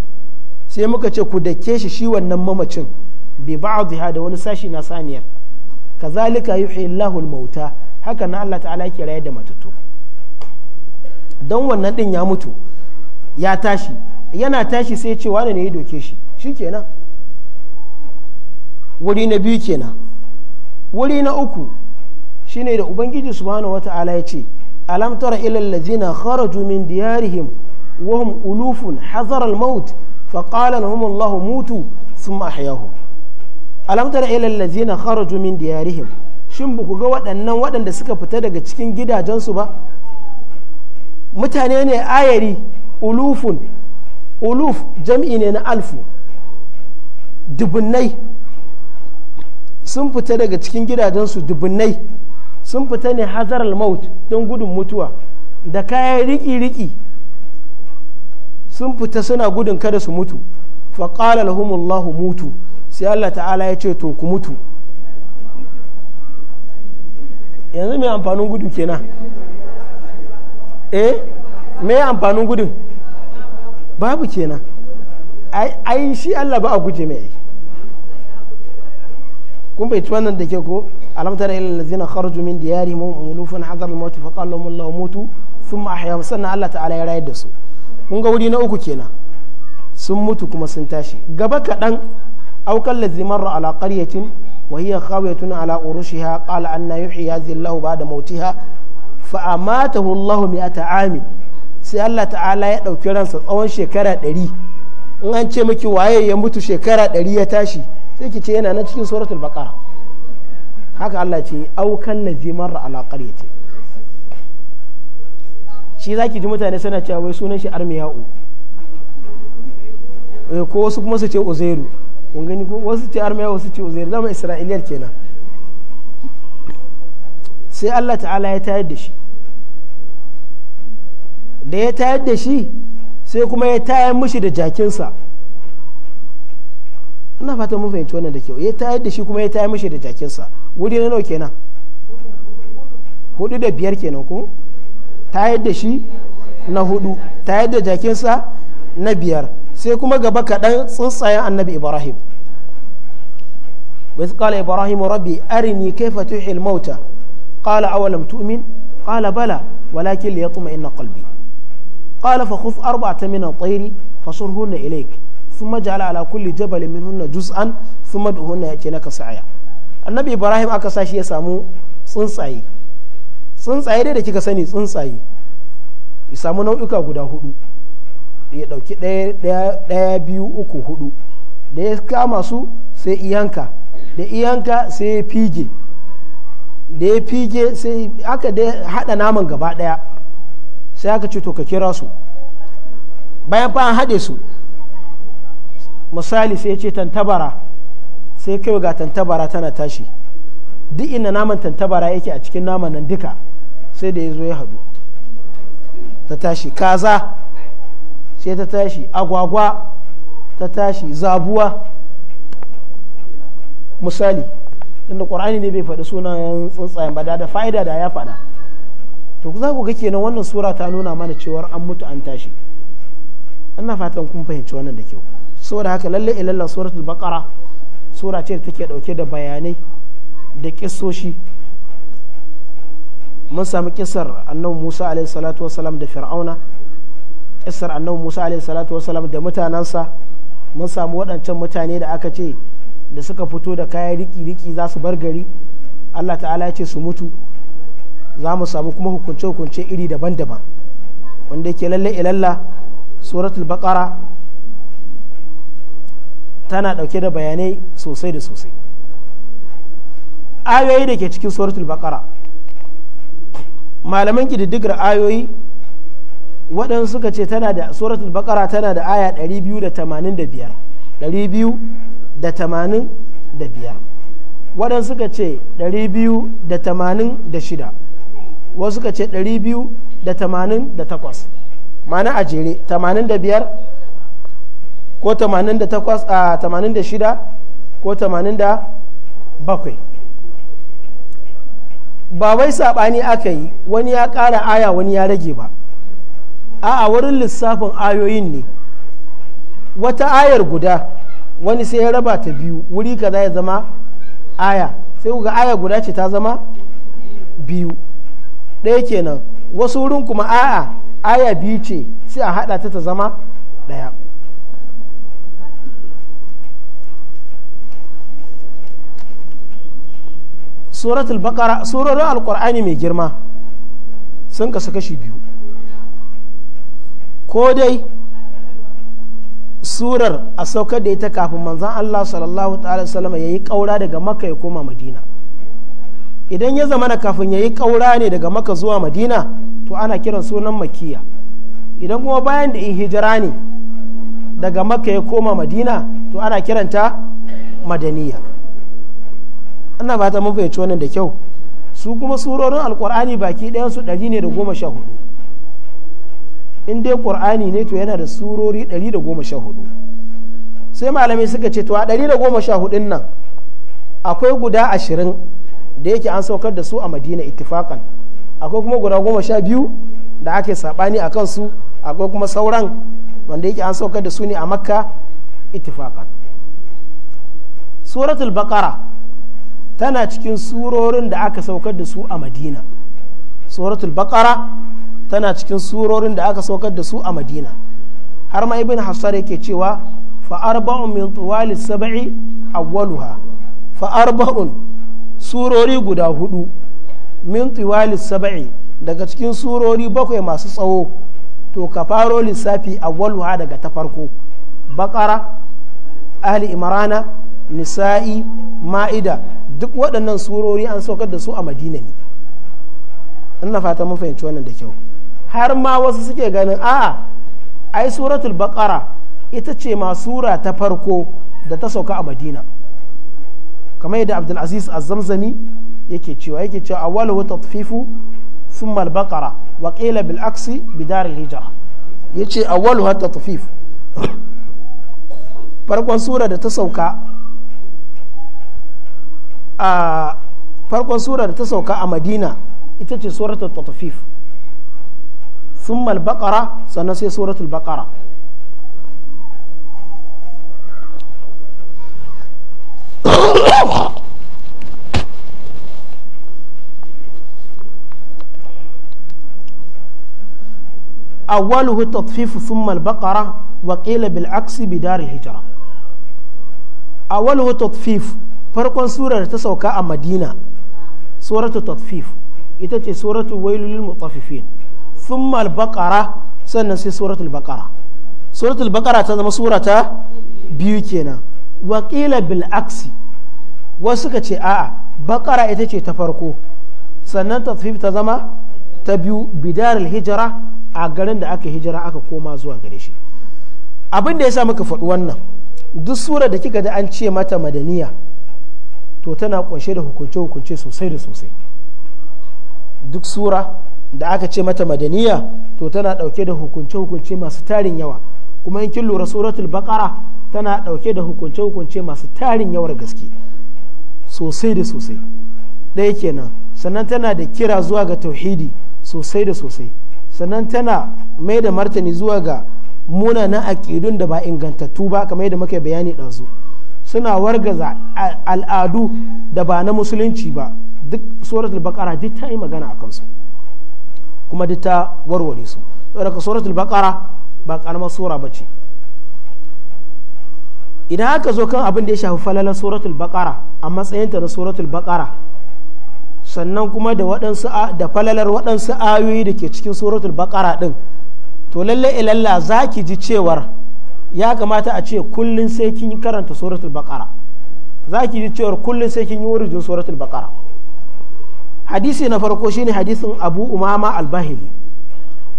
sai muka ce ku dake shi shi wannan mamacin bi ba'dha da wani sashi na saniyar kazalika yuhi Allahu al-mauta haka na Allah ta'ala yake rayar da matattu dan wannan din ya mutu ya tashi yana tashi sai ce wane ne ya doke shi shi kenan wuri na biyu kenan wuri na uku shine da ubangiji subhanahu wata'ala ya ce alamtar tara ilal na kharaju min diyarihim wa ulufun hazara al-maut fa qala lahum Allah mutu thumma ahyahum alam tara ilal ladzina kharaju min diyarihim shin ba ku ga waɗannan waɗanda suka fita daga cikin gidajensu ba mutane ne ayari ulufun uluf jam'i ne na alfu dubunnai sun fita daga cikin gidajensu dubunnai sun fita ne hazar maut don gudun mutuwa da kayan riki-riki sun fita suna gudun kada su mutu faƙala lahu mutu sai Allah ta'ala ya ce to ku mutu yanzu mai amfanin gudu kenan eh mai amfanin gudun babu kenan ai shi Allah ba a guje mai kun bai ci wannan da ke ko alamtar ila lazina kharaju min diyarihim mulufun hadar al-maut fa qala lahum Allah mutu thumma ahyahum Allah ta'ala ya rayar da su kun ga wuri na uku kenan sun mutu kuma sun tashi gaba kaɗan aukan laziman marra ala qaryatin wa hiya khawiyatun ala urushiha qala anna yuhyi hadhihi Allah ba'da mautiha fa amatahu Allah mi'ata amin sai Allah ta'ala ya ɗauki ransa tsawon shekara ɗari in an ce miki waye ya mutu shekara ɗari ya tashi sai ki ce yana nan cikin suratul baqara haka Allah ce aukan lazi marra ala ce shi ki ji mutane suna cewa wai sunan shi armiya'u eh, ko wasu kuma su ce uzairu kun gani ko wasu ce armiya wasu ce uzairu zama isra'iliyar kenan sai Allah ta'ala ya tayar da shi da ya tayar da shi sai kuma ya tayar mushi da jakinsa ina fata mun fahimci wannan da kyau ya tayar da shi kuma ya tayar mushi da jakinsa wuri na nawa kenan hudu da biyar kenan ko tayar da shi na hudu tayar da jakinsa na biyar sai kuma gaba kaɗan tsuntsayen annabi ibrahim wasu وإذ قال إبراهيم ربي أرني كيف تحيي الموتى قال أولم تؤمن قال بلى ولكن ليطمئن قلبي qala fa khudh arba'atan min at-tayr fasurhunna ilayk thumma ja'al ala kulli jabalin minhunna juz'an thumma duhunna yatinaka sa'ya annabi ibrahim aka sashi ya samu tsuntsaye tsuntsaye dai da kika sani tsuntsaye ya samu nau'uka guda hudu ya dauki daya biyu uku hudu da ya kama su sai iyanka da iyanka sai ya fige da ya fige sai aka hada naman gaba daya sai aka ce to ka kira su bayan fa an haɗe su misali sai ya ce tantabara sai kai ga tantabara tana tashi duk inda naman tantabara yake a cikin naman nan duka sai da ya zo ya hadu ta tashi kaza sai ta tashi agwagwa ta tashi zabuwa misali inda ƙwar'ani ne bai faɗi sunan tsuntsayen ba da fa'ida da ya faɗa to za ku ga kenan wannan sura ta nuna mana cewar an mutu an tashi ina fatan kun fahimci wannan da kyau saboda haka lalle ilalla suratul baqara sura ce da take dauke da bayanai da kissoshi mun sami kisar annabi Musa alaihi salatu wasalam da fir'auna kissar annabi Musa alaihi salatu wasalam da mutanansa mun samu waɗancan mutane da aka ce da suka fito da kayan riki-riki za su bar gari Allah ta'ala ya ce su mutu za mu samu kuma hukunce-hukunce iri daban-daban wanda ke lalle ilalla suratul baqara tana dauke da bayanai sosai da sosai ayoyi da ke cikin suratul baqara malaman ƙididdigar ayoyi waɗansu suka ce tana da suratul baqara tana da aya 285 285 waɗansu suka ce 286 wasu ka ce 288 mana a jere 85 ko 88 a 86 ko 87 ba wai saɓani aka yi wani ya ƙara aya wani ya rage ba a a wurin lissafin ayoyin ne wata ayar guda wani sai ya raba ta biyu wuri kaza ya zama aya sai kuga aya guda ce ta zama biyu ɗaya kenan wasu wurin kuma a'a aya biyu ce sai a haɗa ta ta zama ɗaya suratul baqara surorin alkur'ani mai girma sun kasu kashi biyu ko dai surar a saukar da ita kafin manzan Allah sallallahu ta'ala ya yi ƙaura daga maka ya koma madina idan ya zama zamana kafin ya yi ƙaura ne daga maka zuwa madina to ana kiran sunan makiya idan kuma bayan da in hijira ne daga maka ya koma madina to ana kiranta madaniya ana fata mun fahimci wannan da kyau su kuma surorin alkur'ani baki ɗayan su ɗari ne da goma sha hudu in dai ƙur'ani ne to yana da surori ɗari da goma sha hudu sai malamai suka ce to a ɗari da goma sha hudun nan akwai guda ashirin da yake an saukar da su a madina itifakan akwai kuma guda goma sha biyu da ake saɓani a kansu akwai kuma sauran wanda yake an saukar da su ne a makka itifakan suratul bakara tana cikin surorin da aka saukar da su a madina suratul bakara tana cikin surorin da aka saukar da su a madina har ma ibn hassar yake cewa fa min tuwali sab'i awwaluha fa arba'un surori guda hudu min tiwali saba'i daga cikin surori bakwai masu tsawo to ka faro lissafi awwaluha daga ta farko bakara ahli imrana nisa'i ma'ida duk waɗannan surori an saukar da su a madina ne ina fata mun fahimci wannan da kyau har ma wasu suke ganin a'a ai suratul bakara ita ce ma sura ta farko da ta sauka a madina kamar yadda abdulaziz aziz az-zamzami yake cewa yake cewa awwalu tatfifu thumma al-baqara wa qila bil aksi bidar al-hijra yace awwalu tatfif farkon sura da ta sauka a farkon sura da ta sauka a madina ita ce suratul tatfif thumma al-baqara sannan sai suratul baqara الصلاة أوله التطفيف ثم البقرة وقيل بالعكس بدار الهجرة أوله التطفيف فرق سورة تسوكا مدينة سورة التطفيف إتتي سورة ويل للمطففين ثم البقرة سنسي سورة البقرة سورة البقرة تزم سورة بيوتنا وقيل بالعكس wasu suka ce a'a bakara ita ce ta farko sannan tasfif ta zama ta biyu bidar hijira a garin da aka hijira aka koma zuwa gare shi abin da ya sa muka faɗi wannan duk sura da kika da an ce mata madaniya to tana kunshe da hukunce-hukunce sosai da sosai duk sura da aka ce mata madaniya to tana ɗauke da hukunce-hukunce masu tarin yawa kuma in kin lura suratul bakara tana ɗauke da hukunce-hukunce masu tarin yawar gaske sosai da sosai ɗaya kenan sannan tana da kira zuwa ga tauhidi sosai da sosai sannan tana mai da martani zuwa ga munanan aƙidun da ba ingantattu ba kamar yadda muka bayani ɗazu suna wargaza al'adu da ba na musulunci ba duk tsoron albakara duk ta yi magana a kansu kuma duk ta warware su saboda suratul bakara ba karamar sora ba ce idan haka zo kan abin da ya shafi falalar suratul bakara a matsayinta na suratul bakara sannan kuma da waɗansu da falalar waɗansu ayoyi da ke cikin suratul bakara ɗin to lalle ilalla za ki ji cewar ya kamata a ce kullum sai kin karanta suratul bakara za ki ji cewar kullun sai kin yi wurin suratul bakara hadisi na farko shine hadisin abu umama albahili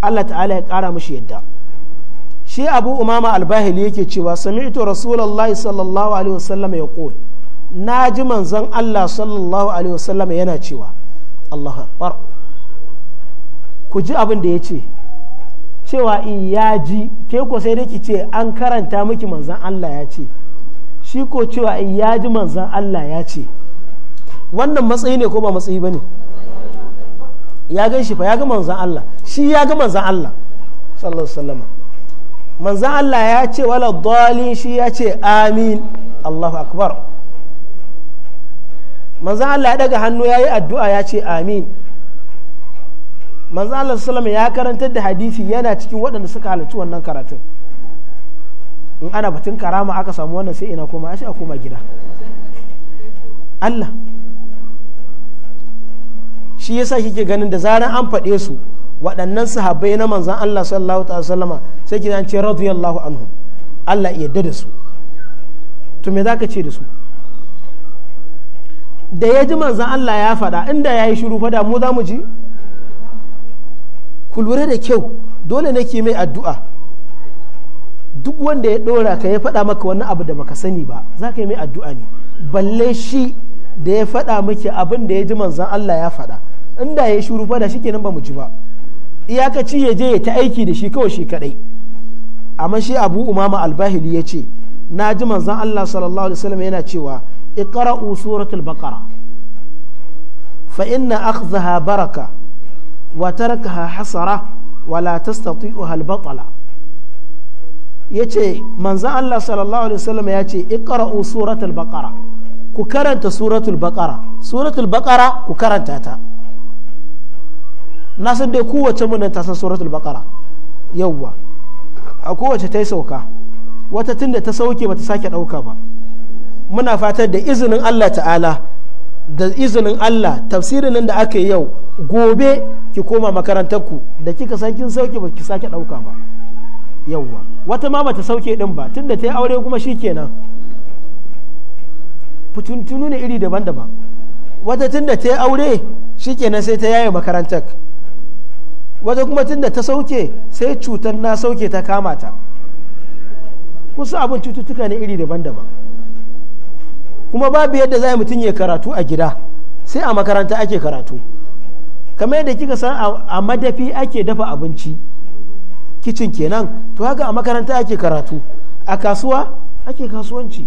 allah ta'ala ya ƙara mishi yadda shi abu umama albahili yake cewa sami'tu rasulullahi sallallahu alaihi wasallam ya qul na ji manzan Allah sallallahu alaihi wasallam yana cewa Allahu akbar ku ji abin da ya ce cewa in eh, ya ji ke ko sai dai ki ce an karanta miki manzan Allah ya ce shi ko cewa in eh, ya ji manzan Allah ya ce wannan matsayi ne ko ba matsayi ne ya gan shi fa ya ga manzan Allah shi ya ga manzan Allah sallallahu alaihi wasallam manzan Allah ya ce wala dalin shi ya ce amin Allahu akbar manzan Allah ya daga hannu ya yi addu'a ya ce amin manzan Allah sallama ya karantar da hadisi yana cikin waɗanda suka halarci wannan karatun in ana batun karama aka samu wannan sai ina koma ashe a koma gida Allah shi yasa kike ganin da zaran an faɗe su waɗannan sahabbai na manzan Allah sallallahu ta'ala sallama sai ki ce radiyallahu anhu Allah yadda da su to me zaka ce da su da ya ji manzan Allah ya faɗa inda ya yi shiru fada mu za mu ji ku da kyau dole ne ke mai addu'a duk wanda ya ɗora ka ya faɗa maka wani abu da baka sani ba za ka yi mai addu'a ne balle shi da ya faɗa miki abin da ya ji manzan Allah ya faɗa inda ya yi shuru fada shi kenan ba mu ji ba iyakaci ya je ya ta aiki da shi kawai shi kadai amma shi abu umama albahili ya ce na ji manzan allah sallallahu alaihi wasallam yana cewa iqra'u suratul baqara fa inna akhzaha baraka wa tarakaha hasara wa la tastati'uha al yace manzan allah sallallahu alaihi wasallam ya ce iqra'u suratul baqara ku karanta suratul baqara suratul baqara ku karanta ta na san dai kowace munin ta san suratul baqara yawwa a kowace ta yi sauka wata tun da ta sauke bata sake ɗauka ba muna fatar da izinin Allah ta'ala da izinin Allah tafsirin nan da aka yi yau gobe ki koma makarantarku da kika san kin sauke ba ki sake ɗauka ba yawwa wata ma bata sauke din ba tunda ta yi aure kuma shikenan fituntunu ne iri daban-daban wata tunda ta yi aure shikenan sai ta yaye makarantar wata kuma tun da ta sauke sai cutar na sauke ta kama ta kusa abin cututtuka ne iri daban-daban kuma babu yadda za mutum ya karatu a gida sai a makaranta ake karatu kamar yadda kika san a madafi ake dafa abinci kicin kenan to haka a makaranta ake karatu a kasuwa ake kasuwanci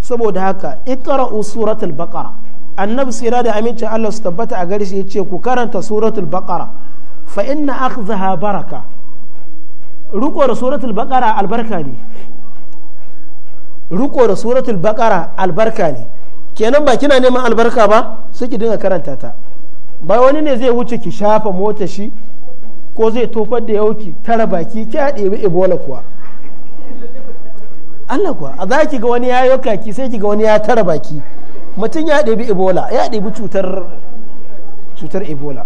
saboda haka ikara suratul baqara annabi tsira da amincin Allah su tabbata a gare shi ya ce ku karanta suratul baqara fa inna akhdaha baraka riko da suratul baqara albarka ne riko da suratul baqara albarka ne kenan ba kina neman albarka ba su ki dinga karanta ta ba wani ne zai wuce ki shafa mota shi ko zai tofar da yauki tara baki ki haɗe bi ebola kuwa Allah kuwa a za ki ga wani ya yi kaki sai ki ga wani ya tara baki mutum ya ɗabi ebola ya ɗabi cutar cutar ebola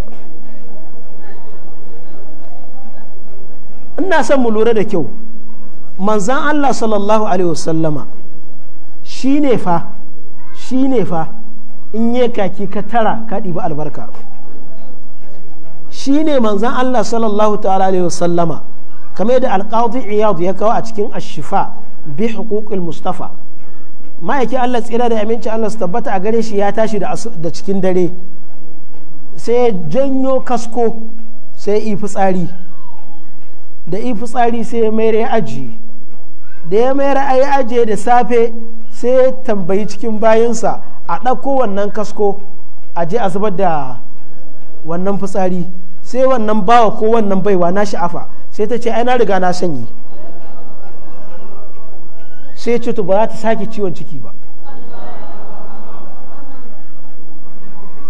ina son mu lura da kyau manzan allah sallallahu alaihi wasallama shi ne fa shi ne fa in yi kaki ka tara ka ɗiba albarka shi ne manzan allah sallallahu ta'ala alaihi wasallama kamar yadda alƙawar iyadu ya kawo a cikin ashifa bi hukukul mustafa ma'aiki Allah tsira da aminci Allah su tabbata a gare shi ya tashi da cikin dare sai janyo kasko sai yi fitsari da yi fitsari sai ya mayar aji da ya mayar ya ajiye da safe sai ya tambayi cikin bayansa a ɗauko wannan kasko a je a zubar da wannan fitsari sai wannan bawa ko wannan baiwa na sha'afa sai ta ce ai na riga na sanyi. sai ya ce to ba za ta sake ciwon ciki ba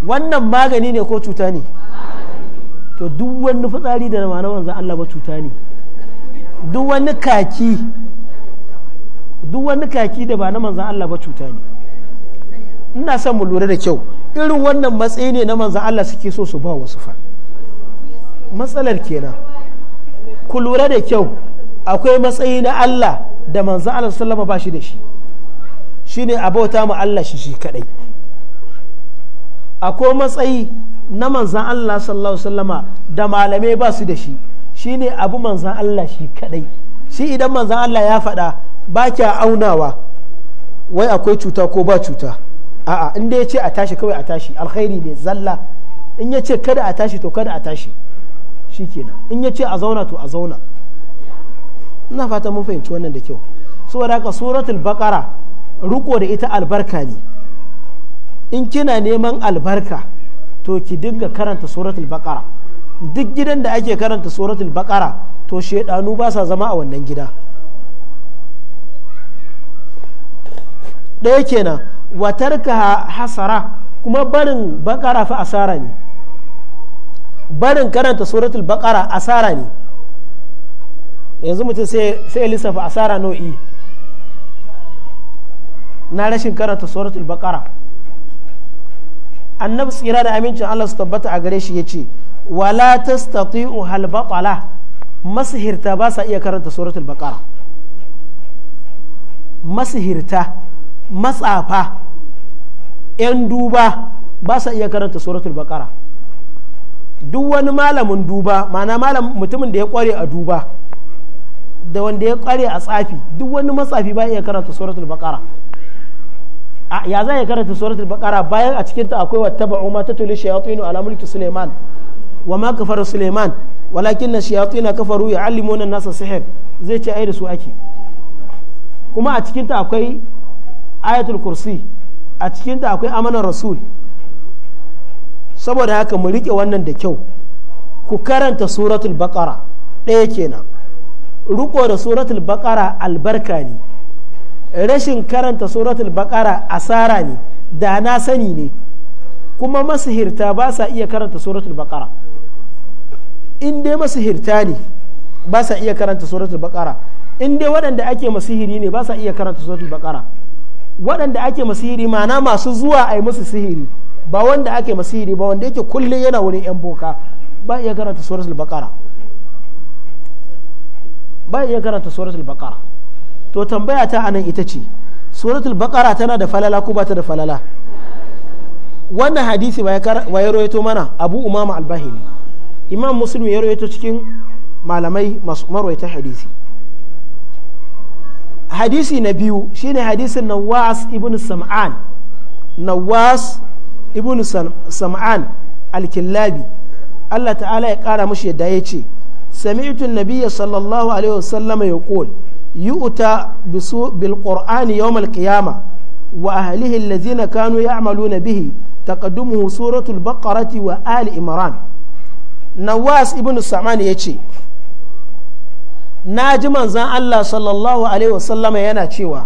wannan magani ne ko cuta ne to duk wani fitsari da na wanzan Allah ba cuta ne duk wani kaki duk wani kaki da ba na manzan Allah ba cuta ne ina son mu lura da kyau irin wannan matsayi ne na manzan Allah suke so su ba wasu fa matsalar kenan ku lura da kyau akwai matsayi na Allah da manzan Allah sallama ba shi da shi shine abota mu Allah shi shi kadai akwai matsayi na manzan Allah sallallahu sallama da malamai ba su da shi shine abu manzan Allah shi kadai shi idan manzan Allah ya faɗa ba kya aunawa wai akwai cuta ko ba cuta a'a in dai ya ce a tashi kawai a tashi alkhairi ne zalla in ya ce kada a tashi to kada a tashi shikenan in ya ce a zauna to a zauna ina fata mun fahimci wannan da kyau saboda haka suratul bakara riko da ita albarka ne in kina neman albarka to ki dinga karanta suratul baqara duk gidan da ake karanta suratul bakara to sheɗanu ba sa zama a wannan gida ɗaya kenan watarka hasara kuma barin baqara fa asara ne barin karanta suratul baƙara asara ne yanzu mutum sai ya lissafa asara nau'i na rashin karanta suratul baqara annabi tsira da amincin Allah su tabbata a gare shi ya ce wala tastati'u hal batala masihirta ba sa iya karanta suratul baqara masihirta matsafa yan duba ba sa iya karanta suratul baqara duk wani malamin duba ma'ana mutumin da ya kware a duba da wanda ya kware a tsafi duk wani matsafi ba iya karanta suratul baqara ya za ya karanta suratul baqara bayan a cikin ta akwai wattaba'u ma tatlu shayatin ala mulki suleiman wa ma kafara suleiman walakin na shayatin kafaru ya'allimuna an-nasa sihir zai ce ai da su ake kuma a cikin akwai ayatul kursi a cikin akwai amanar rasul saboda haka mu rike wannan da kyau ku karanta suratul baqara ɗaya kenan riko da suratul bakara albarka ne rashin karanta suratul bakara asara ne da na sani ne kuma masihirta ba sa iya karanta suratul bakara in dai masihirta ne ba sa iya karanta suratul bakara in dai waɗanda ake masihiri ne ba sa iya karanta suratul bakara waɗanda ake masihiri mana masu zuwa a yi musu sihiri ba wanda ake masihiri ba wanda yake kullum yana wurin yan boka ba iya karanta suratul bakara ba iya karanta suratul baqara to tambaya ta anan ita ce suratul baqara tana da falala ko ba ta da falala wannan hadisi wa ya rawaito mana abu umama albahili imam muslim ya rawaito cikin malamai masu marwaita hadisi hadisi na biyu shine hadisin nawas ibn sam'an nawas ibn sam'an alkillabi allah ta'ala ya kara mushi yadda ya ce سمعت النبي صلى الله عليه وسلم يقول يؤتى بالقرآن يوم القيامة وأهله الذين كانوا يعملون به تقدمه سورة البقرة وآل إمران نواس ابن السعمان يتشي ناجم زان الله صلى الله عليه وسلم ينا تشيوا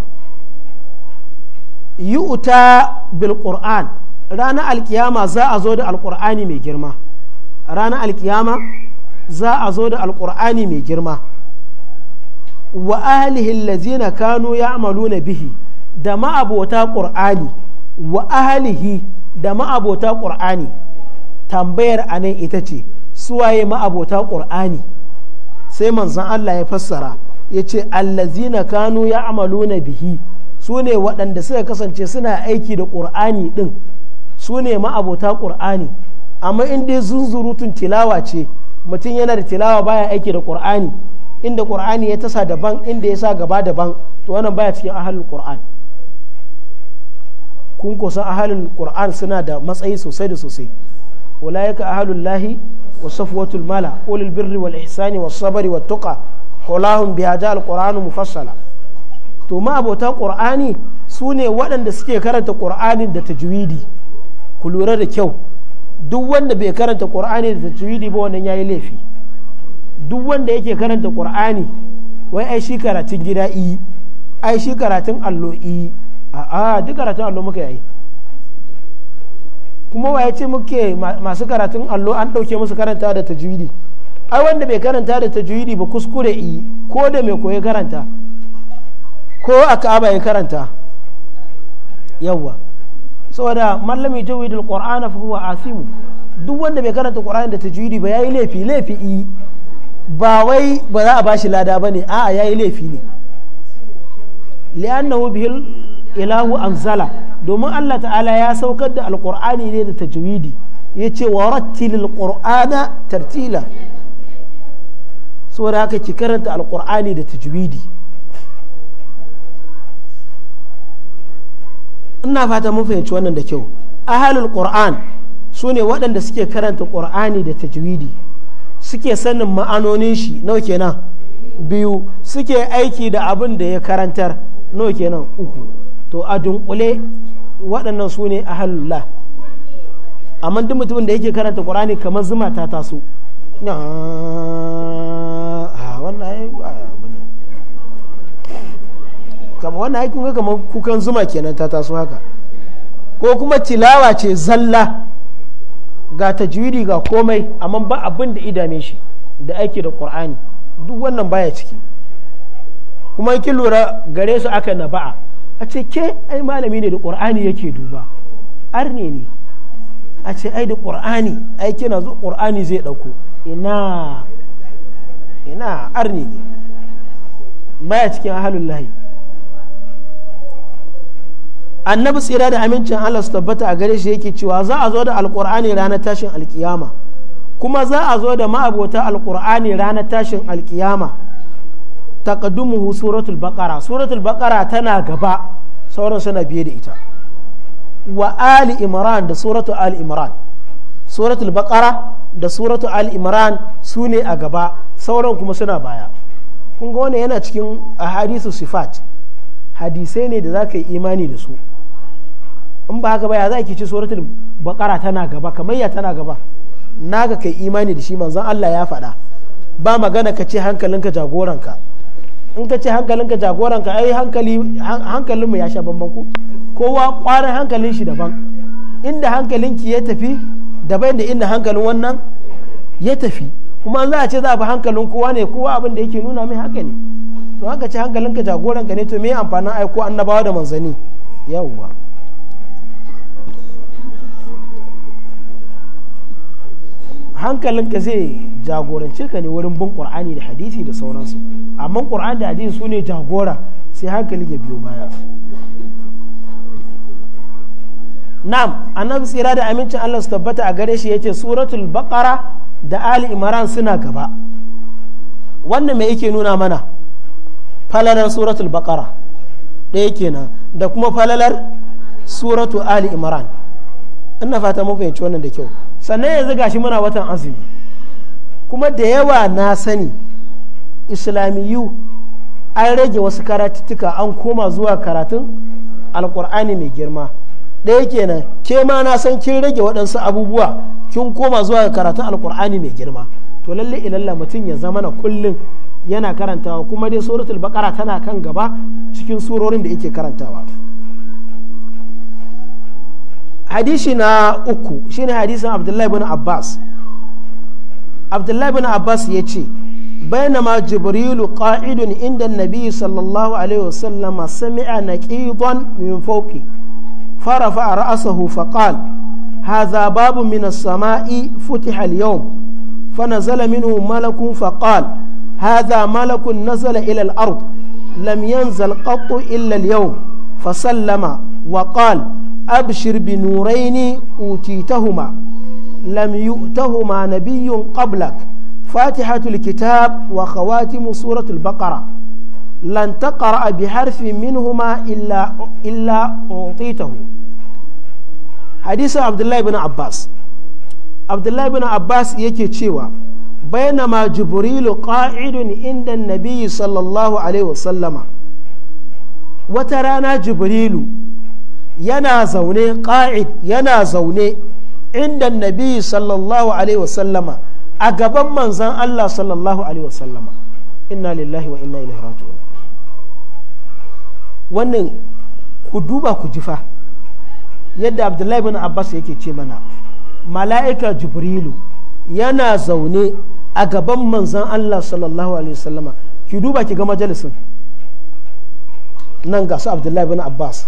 يؤتى بالقرآن رانا القيامة زا أزود القرآن مي جرما رانا القيامة za a zo da alkur'ani mai girma wa ahlihi allazina kanu ya'maluna bihi da ma'abota qur'ani wa ahlihi da ma'abota qur'ani tambayar anan ita ce suwaye ma'abota qur'ani sai manzon Allah ya fassara ya ce allazina kanu ya'maluna bihi su ne waɗanda suka kasance suna aiki da qur'ani din su ne ma'abota qur'ani amma in dai zunzurutun tilawa ce mutum yana da tilawa baya aiki da qur'ani inda qur'ani ya tasa daban inda ya sa gaba daban to wannan baya cikin ahalul qur'an kun kusa ahalul qur'an suna da matsayi sosai da sosai ulaika ahalul lahi wa safwatul mala ulul birri wal ihsani was sabri wat tuqa qulahum bi hada al mufassala to ma abota qur'ani sune waɗanda suke karanta qur'anin da tajwidi ku lura da kyau duk wanda bai karanta qur'ani da tajwidi ba wannan yayi laifi duk wanda yake karanta qur'ani wai ai shi karatun gida i ai shi karatun allo i a a duk karatun allo muka yayi kuma ya ce muke masu karatun allo an dauke musu karanta da tajwidi ai wanda bai karanta da tajwidi ba kuskure i ko da mai koyi karanta ko a ka'aba ya karanta yawwa saboda mallami tawhidul qur'ana fa huwa asimu duk wanda bai karanta qur'ani da tajwidi ba yayi laifi laifi ba wai ba za a bashi lada bane a'a yayi laifi ne li'annahu bihil ilahu anzala domin Allah ta'ala ya saukar da alqur'ani ne da tajwidi yace wa rattilil qur'ana tartila saboda haka ki karanta alqur'ani da tajwidi ina fata mun fahimci wannan da kyau ahalul qur'an su ne waɗanda suke karanta qur'ani da tajwidi suke sanin ma'anonin shi nawa kenan biyu suke aiki da abin da ya karantar nawa kenan uku to a dunkule waɗannan su ne ahalullah amma duk mutumin da yake karanta qur'ani kamar zuma ta taso kama wannan ai kun ga kamar kukan zuma kenan ta taso haka ko kuma tilawa ce zalla ga tajwidi ga komai amma ba abin da idame shi da aiki da qur'ani duk wannan baya ciki kuma kin lura gare su aka naba'a a ce ke ai malami ne da qur'ani yake duba arne ne a ce ai da qur'ani ai kina zo qur'ani zai dauko ina ina arne ne baya cikin lahi. annabi tsira da amincin Allah su tabbata a gare shi yake cewa za a zo da alkur'ani ranar tashin alkiyama kuma za a zo da ma'abota alkur'ani ranar tashin alkiyama taqaddumuhu suratul bakara suratul bakara tana gaba sauran suna biye da ita wa ali imran da suratul ali imran suratul bakara da suratul ali imran su ne a gaba sauran kuma suna baya kun ga yana cikin hadisu sifat hadisai ne da za ka yi imani da su in ba haka ba ya za ki ci suratul baqara tana gaba kamar ya tana gaba naga kai imani da shi manzon Allah ya faɗa ba magana ka ce hankalinka jagoranka in ka ce hankalinka jagoranka ai hankali hankalinmu ya sha bamban ku kowa ƙwarin hankalin shi daban inda hankalinki ya tafi daban da inda hankalin wannan ya tafi kuma za a ce za a bi hankalin kowa ne kowa abin da yake nuna mai haka ne to haka ce hankalinka jagoranka ne to me amfanin aiko annabawa da manzani yawwa hankalinka zai jagorance ka ne wurin bin ƙur'ani da hadisi da sauransu amma qur'ani da hadisi su ne jagora sai hankali ya biyo baya na'am annabi tsira da amincin Allah su tabbata a gare shi yace suratul baqara da ali imran suna gaba wannan me yake nuna mana falalar suratul baqara ɗaya kenan da kuma falalar suratu ali imran ina fata mun fahimci wannan da kyau sannan yanzu gashi muna watan azumi kuma da yawa na sani islamiyu an rage wasu karatuttuka an koma zuwa karatun alkur'ani mai girma ɗaya kenan ke ma na san kin rage waɗansu abubuwa kin koma zuwa karatun alkur'ani mai girma to lalle ilalla mutum ya zama na kullum yana karantawa kuma dai suratul bakara tana kan gaba cikin surorin da yake karantawa hadisi na uku shi ne hadisin abdullahi bin abbas abdullahi bin abbas ya ce bainama jibrilu ƙa’idun inda nabi sallallahu alaihi wasallam sami'a na ƙidon min farafa a ra'asahu faqal haza babu mina sama'i futiha al-yawm fa nazala minhu malakun faƙal, haza malakun nazala ila al-ard lam yanzal qattu illa al-yawm fa sallama wa abshir bi nuraini utitahuma lam yu'tahuma nabiyyun qablak fatihatul kitab wa khawatimu suratul baqara lan taqra bi harfin minhuma illa illa utitahu hadisi abdullahi ibn abbas abdullahi ibn abbas yake cewa بينما جبريل قاعد عند النبي صلى الله عليه وسلم وترانا جبريل yana zaune ƙa'id yana zaune inda nabi sallallahu alaihi wasallama a gaban manzan Allah sallallahu alaihi wasallama inna lillahi wa inna ilaihi raji'un wannan ku duba ku jifa yadda abdullahi bin abbas yake ce mana mala'ika jibrilu yana zaune a gaban manzan Allah sallallahu alaihi wasallama ki duba ki ga majalisin nan ga su abdullahi bin abbas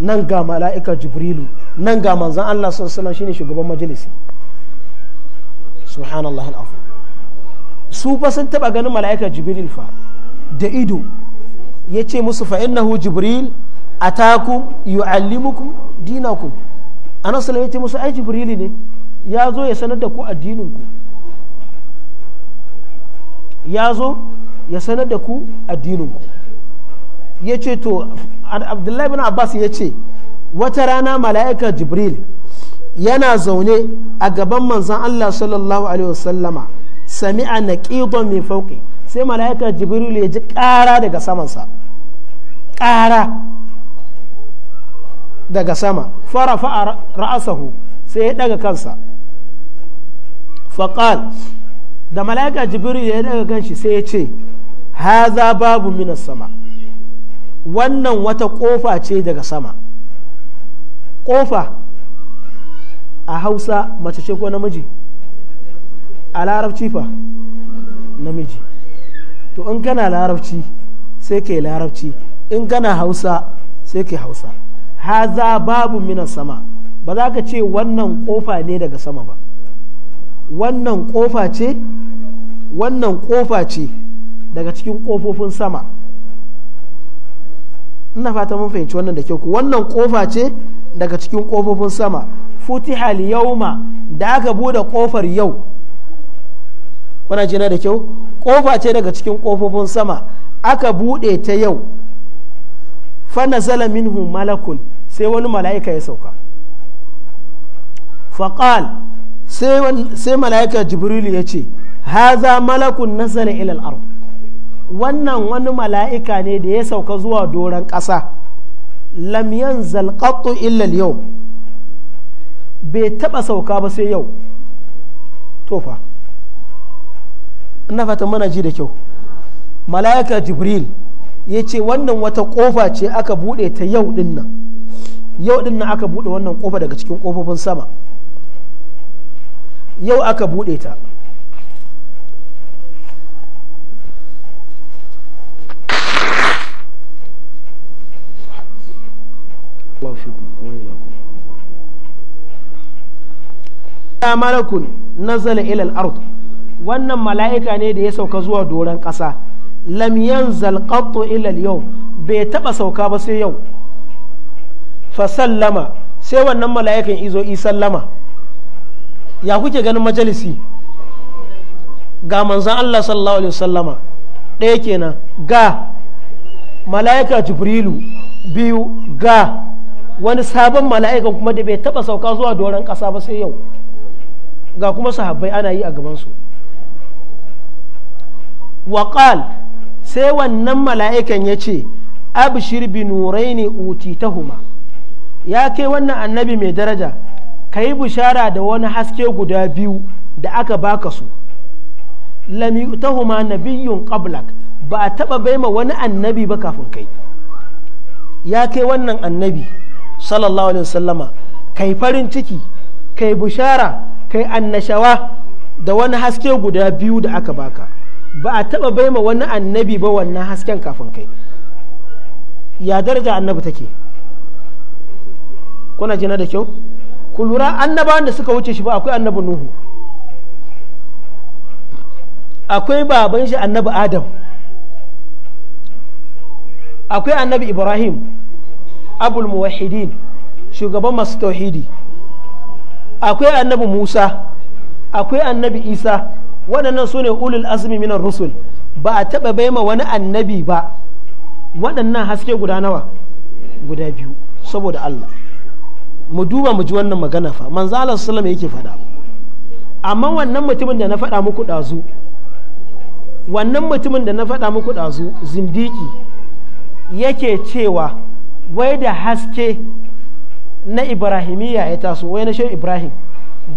nan ga mala'ika jibrilu nan ga manzan Allah sallallahu shine shugaban majalisi subhanallah al'afu su fa sun taba ganin mala'ika jibril fa da ido ya ce musu fa innahu jibril atakum yu'allimukum dinakum anas sallallahu ya ce musu ai jibrili ne ya zo ya sanar da ku addininku ya zo ya sanar da ku addininku ya ce to abdullahi bin abbas ya ce wata rana mala'ika jibril yana zaune a gaban manzan allah sallallahu alaihi wasallama sami'a na ƙidon min fauƙi sai mala'ika jibril ya ji ƙara daga samansa ƙara daga sama fara a ra'asahu sai ya daga kansa faƙal da mala'ika jibril ya daga kanshi sai ya ce haza babu minas sama wannan wata kofa ce daga sama kofa a hausa mace ce ko namiji a larabci fa namiji to in kana larabci sai ke larabci in kana hausa sai ke hausa haza babu minan sama ba za ka ce wannan kofa ne daga sama ba wannan kofa ce wannan ƙofa ce daga cikin ƙofofin sama ina fata mun fahimci wannan da kyau wannan kofa ce daga cikin kofofin sama yau yauma da aka bude kofar yau kuna jina da kyau kofa ce daga cikin kofofin sama aka bude ta yau zala minhu malakun sai wani mala'ika ya sauka faqal sai mala'ika jibrilu ya ce haza malakun nazala ila al-ard wannan wani mala'ika ne da ya sauka zuwa doron ƙasa lamiyan yanzal illal yau bai taɓa sauka ba sai yau tofa ina fata mana ji da kyau mala'ika jibril ya ce wannan wata ƙofa ce aka buɗe ta yau din nan yau din nan aka buɗe wannan ƙofa daga cikin ƙofofin sama yau aka buɗe ta ya malakun nazala ila ard wannan mala'ika ne da ya sauka zuwa doron ƙasa lam yanzal qattu ila al-yawm bai taba sauka ba sai yau fa sallama sai wannan mala'ikan izo i sallama ya kuke ganin majalisi ga manzan Allah sallallahu alaihi wasallama ɗaya kenan ga mala'ika jibrilu biyu ga wani sabon mala'ikan kuma da bai taba sauka zuwa doron ƙasa ba sai yau ga kuma sahabbai ana yi a gabansu waƙal sai wannan mala'ikan ya ce abishir bi nurai ne uti ta ya ke wannan annabi mai daraja ka yi bishara da wani haske guda biyu da aka baka su lami ta huma biyun ba a taɓa ma wani annabi ba kafin kai ya kai wannan annabi sallallahu alaihi wasallama kai farin ciki kai bushara kai annashawa da wani haske guda biyu da aka baka ba a taba baima wani annabi ba wannan hasken kafin kai ya daraja annabi take kuna jina da kyau ku lura annabawan da suka wuce shi ba akwai annabi nuhu akwai baban shi annabi adam akwai annabi ibrahim abul muwahidin shugaban masu tauhidi akwai annabi musa akwai annabi isa waɗannan su ne ulul azumi minan rusul ba a taɓa baima wani annabi ba waɗannan haske guda nawa guda biyu saboda allah mu duba mu ji wannan magana fa manzo Allah sallallahu alaihi yake faɗa amma wannan mutumin da na faɗa muku ɗazu wannan mutumin da na faɗa muku ɗazu zindiki yake cewa wai da haske na ibrahimiyya ya taso wai na shehu ibrahim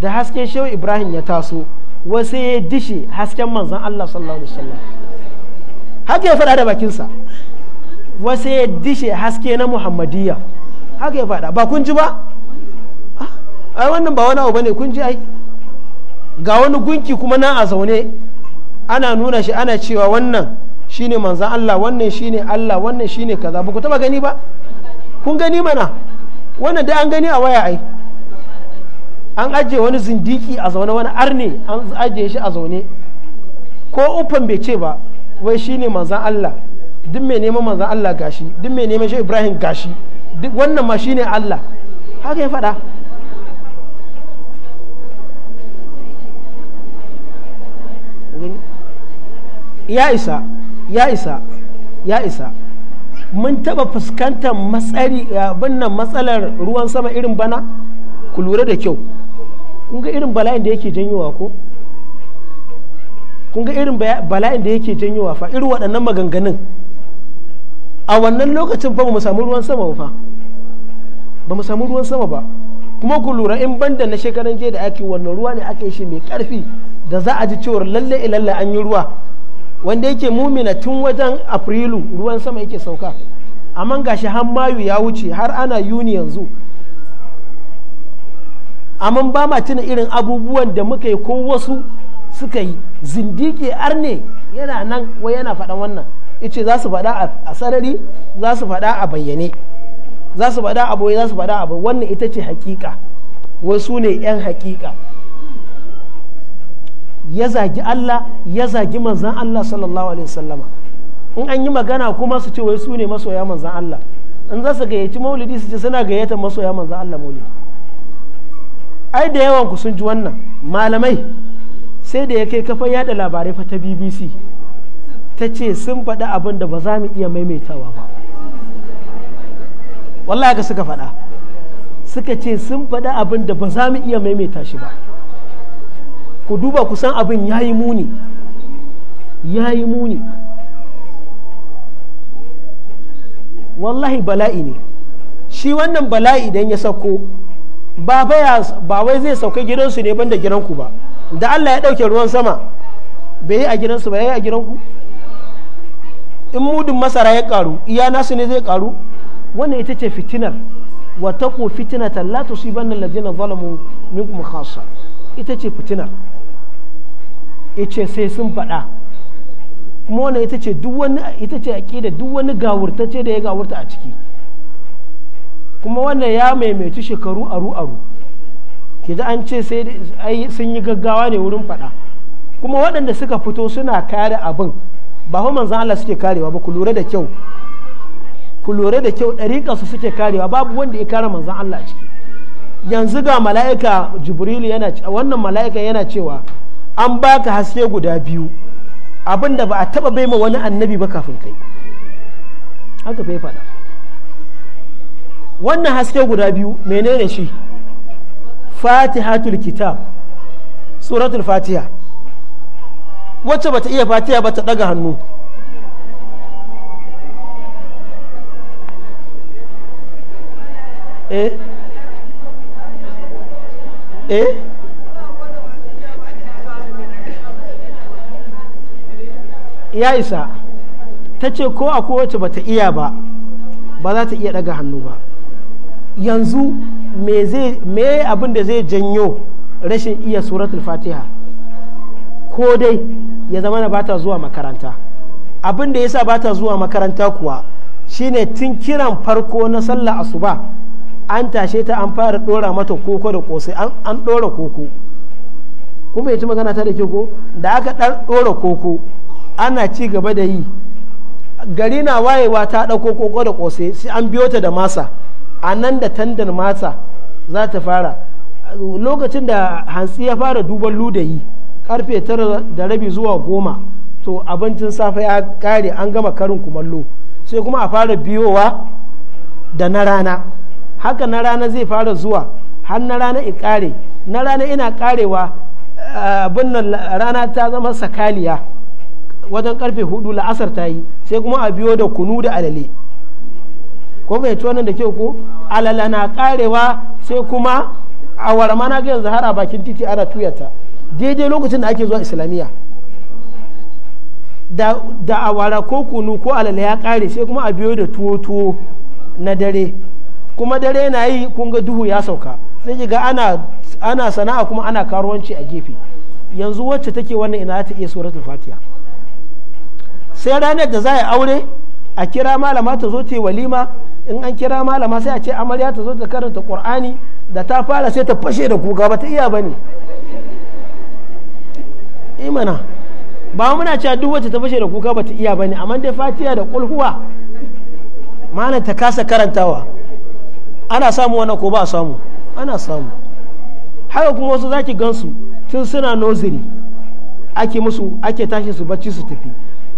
da hasken shehu ibrahim ya taso wai sai ya dishe hasken manzan allah sallallahu alaihi wasallam haka ya faɗa da bakinsa wai sai ya dishe haske na muhammadiyya haka ya faɗa ba kun ji ba ah, ai wannan ba wani abu bane kun ji ai ga wani gunki kuma na a zaune ana nuna shi ana cewa wannan shine manzan Allah wannan shine Allah wannan shine kaza ba ku taba gani ba kun gani mana wannan da an gani a waya ai an ajiye wani zindiki a zaune wani arne an ajiye shi a zaune ko ufan bai ce ba wai shine manzan Allah duk mai neman manzan Allah gashi duk mai neman shi Ibrahim gashi duk wannan ma shine Allah haka ya faɗa ya isa ya isa ya isa mun taba fuskantar matsari binnan matsalar ruwan sama irin bana ku lura da kyau kun ga irin bala'in da yake janyowa ko kun ga irin bala'in da yake janyowa fa irin waɗannan maganganun a wannan lokacin ba mu samu ruwan sama ba ba mu samu ruwan sama ba kuma ku lura in banda na shekaran jiya da ake wannan ruwa ne ake shi mai karfi da za a ji cewar lalle ilalla an yi ruwa wanda yake mumina tun wajen afrilu ruwan sama yake sauka amma gashi har mayu ya wuce har ana yuni yanzu amma ba ma tuna irin abubuwan da muka yi ko wasu suka yi zindike arne yana nan wai yana faɗan wannan ice za su faɗa a sarari za su faɗa a bayyane za su faɗa a boye za su faɗa a wannan ita ce hakika wasu ne 'yan hakika ya zagi Allah ya zagi manzan Allah sallallahu alaihi wasallama in an yi magana kuma su ce wai su ne masoya manzan Allah in za su gayyaci maulidi su ce suna gayyatar masoya manzan Allah maulidi ai da yawan ku sun ji wannan malamai sai da ya kai kafa yada labarai fa ta BBC ta ce sun faɗi abin da ba za mu iya maimaitawa ba wallahi ga suka faɗa suka ce sun faɗi abin da ba za mu iya maimaita shi ba ku duba ku san abin ya yi muni ya yi muni wallahi bala'i ne shi wannan bala'i idan ya sauko ba wai zai sauka gidansu ne banda gidanku ba da Allah ya ɗauke ruwan sama bai yi a gidansu ba ya yi a gidanku in mudun masara ya karu iya nasu ne zai karu wannan ita ce fitinar wata ko fitinatan la tusibanna alladhina zalamu minkum khasa ita ce fitinar ce sai sun faɗa kuma wannan ita ce duk wani ita ce duk wani da ya gawurta a ciki kuma wannan ya maimaitu shekaru aru aru ke an ce sai sun yi gaggawa ne wurin faɗa kuma waɗanda suka fito suna kare abin ba hu manzan Allah suke karewa ba ku lura da kyau ku lura da kyau ɗariƙa su suke karewa babu wanda ya kare manzan Allah a ciki yanzu ga mala'ika jibril yana wannan mala'ika yana cewa an baka haske guda biyu abinda ba a taba bai ma wani annabi ba kafin kai haka bai faɗa wannan haske guda biyu menene shi fatihatul kitab suratul fatiha wacce bata iya fatiha ba ta ɗaga hannu eh eh ya isa ta ce ko a kowace bata iya ba ba za ta iya daga hannu ba yanzu me abin da zai janyo rashin iya suratul fatiha ko dai ya zama na bata zuwa makaranta abin da yasa bata zuwa makaranta kuwa shine tun kiran farko na sallah asuba an tashe ta an fara dora mata koko da kosai an dora koko kuma ci magana ta da ke ko da aka ɗan ɗora koko ana ci gaba da yi gari na wayewa ta ɗauko koko da ƙose sai an biyo ta da masa a nan da tandar masa za ta fara lokacin da hantsi ya fara duban ludayi karfe tara da rabi zuwa goma to abincin safe ya kare an gama karin kumallo sai kuma a fara biyowa da na rana haka na rana zai fara zuwa har na rana i kare na rana ina karewa eh, abin rana ta zama sakaliya wajen karfe hudu la'asar ta yi sai kuma a biyo da kunu da alale ko ci wannan da ke ko alala na karewa sai kuma a wara na ga yanzu har a bakin titi ana tuyata daidai lokacin da ake zuwa islamiyya da, da awara ko kunu ko alala ya kare sai kuma a biyo da tuwo-tuwo na dare kuma dare na yi kun ga duhu ya sauka sai ga ana, ana sana'a kuma ana karuwanci a gefe yanzu wacce take wannan ina ta iya suratul fatiha sai ranar da za a aure a kira malama ta zo ta yi walima in an kira malama sai a ce amarya ta zo ta karanta qur'ani da ta fara sai ta fashe da kuka ba ta iya ba ne. imana ba muna cewa duk wacce ta fashe da kuka ba ta iya ba ne amma dai fatiya da kulhuwa malam ta kasa karantawa ana samu wannan ko ba a samu ana samu haka kuma wasu zaki gansu tun suna noziri ake musu ake tashi su bacci su tafi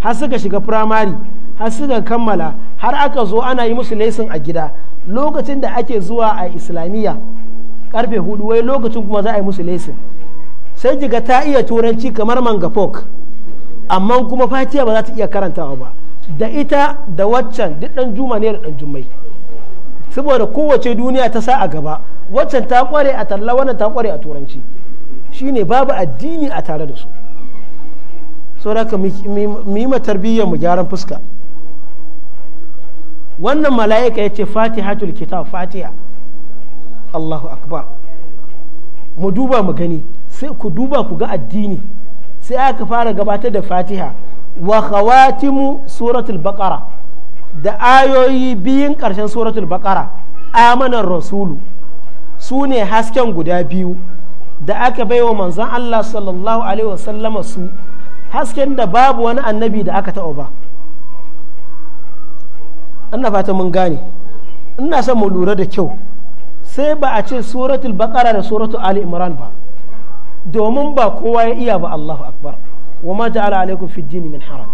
har suka shiga firamari har suka kammala har aka zo ana yi musu lesin a gida lokacin da ake zuwa a islamiyya karfe hudu wai lokacin kuma za a yi musu lesin sai jiga ta iya turanci kamar manga fok amma kuma fatiya ba za ta iya karantawa ba da ita da waccan duk dan juma ne da dan jummai saboda kowace duniya ta sa a gaba waccan ta kware a talla wannan ta kware a turanci shine babu addini a tare da su sauraka mu yi matarbiyyar mu gyaran fuska wannan mala'ika ya ce fatiha kitab fatiha allahu akbar mu duba mu gani sai ku duba ku ga addini sai aka fara gabatar da fatiha wa khawatimu suratul baqara da ayoyi biyun karshen suratul baqara amanar rasulu su ne hasken guda biyu da aka baiwa manzon allah sallallahu alaihi wasallama su hasken da babu wani annabi da aka taɓa ba ina fata mun gane ina son mu lura da kyau sai ba a ce suratul baqara da suratul ali imran ba domin ba kowa ya iya ba allahu akbar wa ma ja'ala alaikum fid dini min haram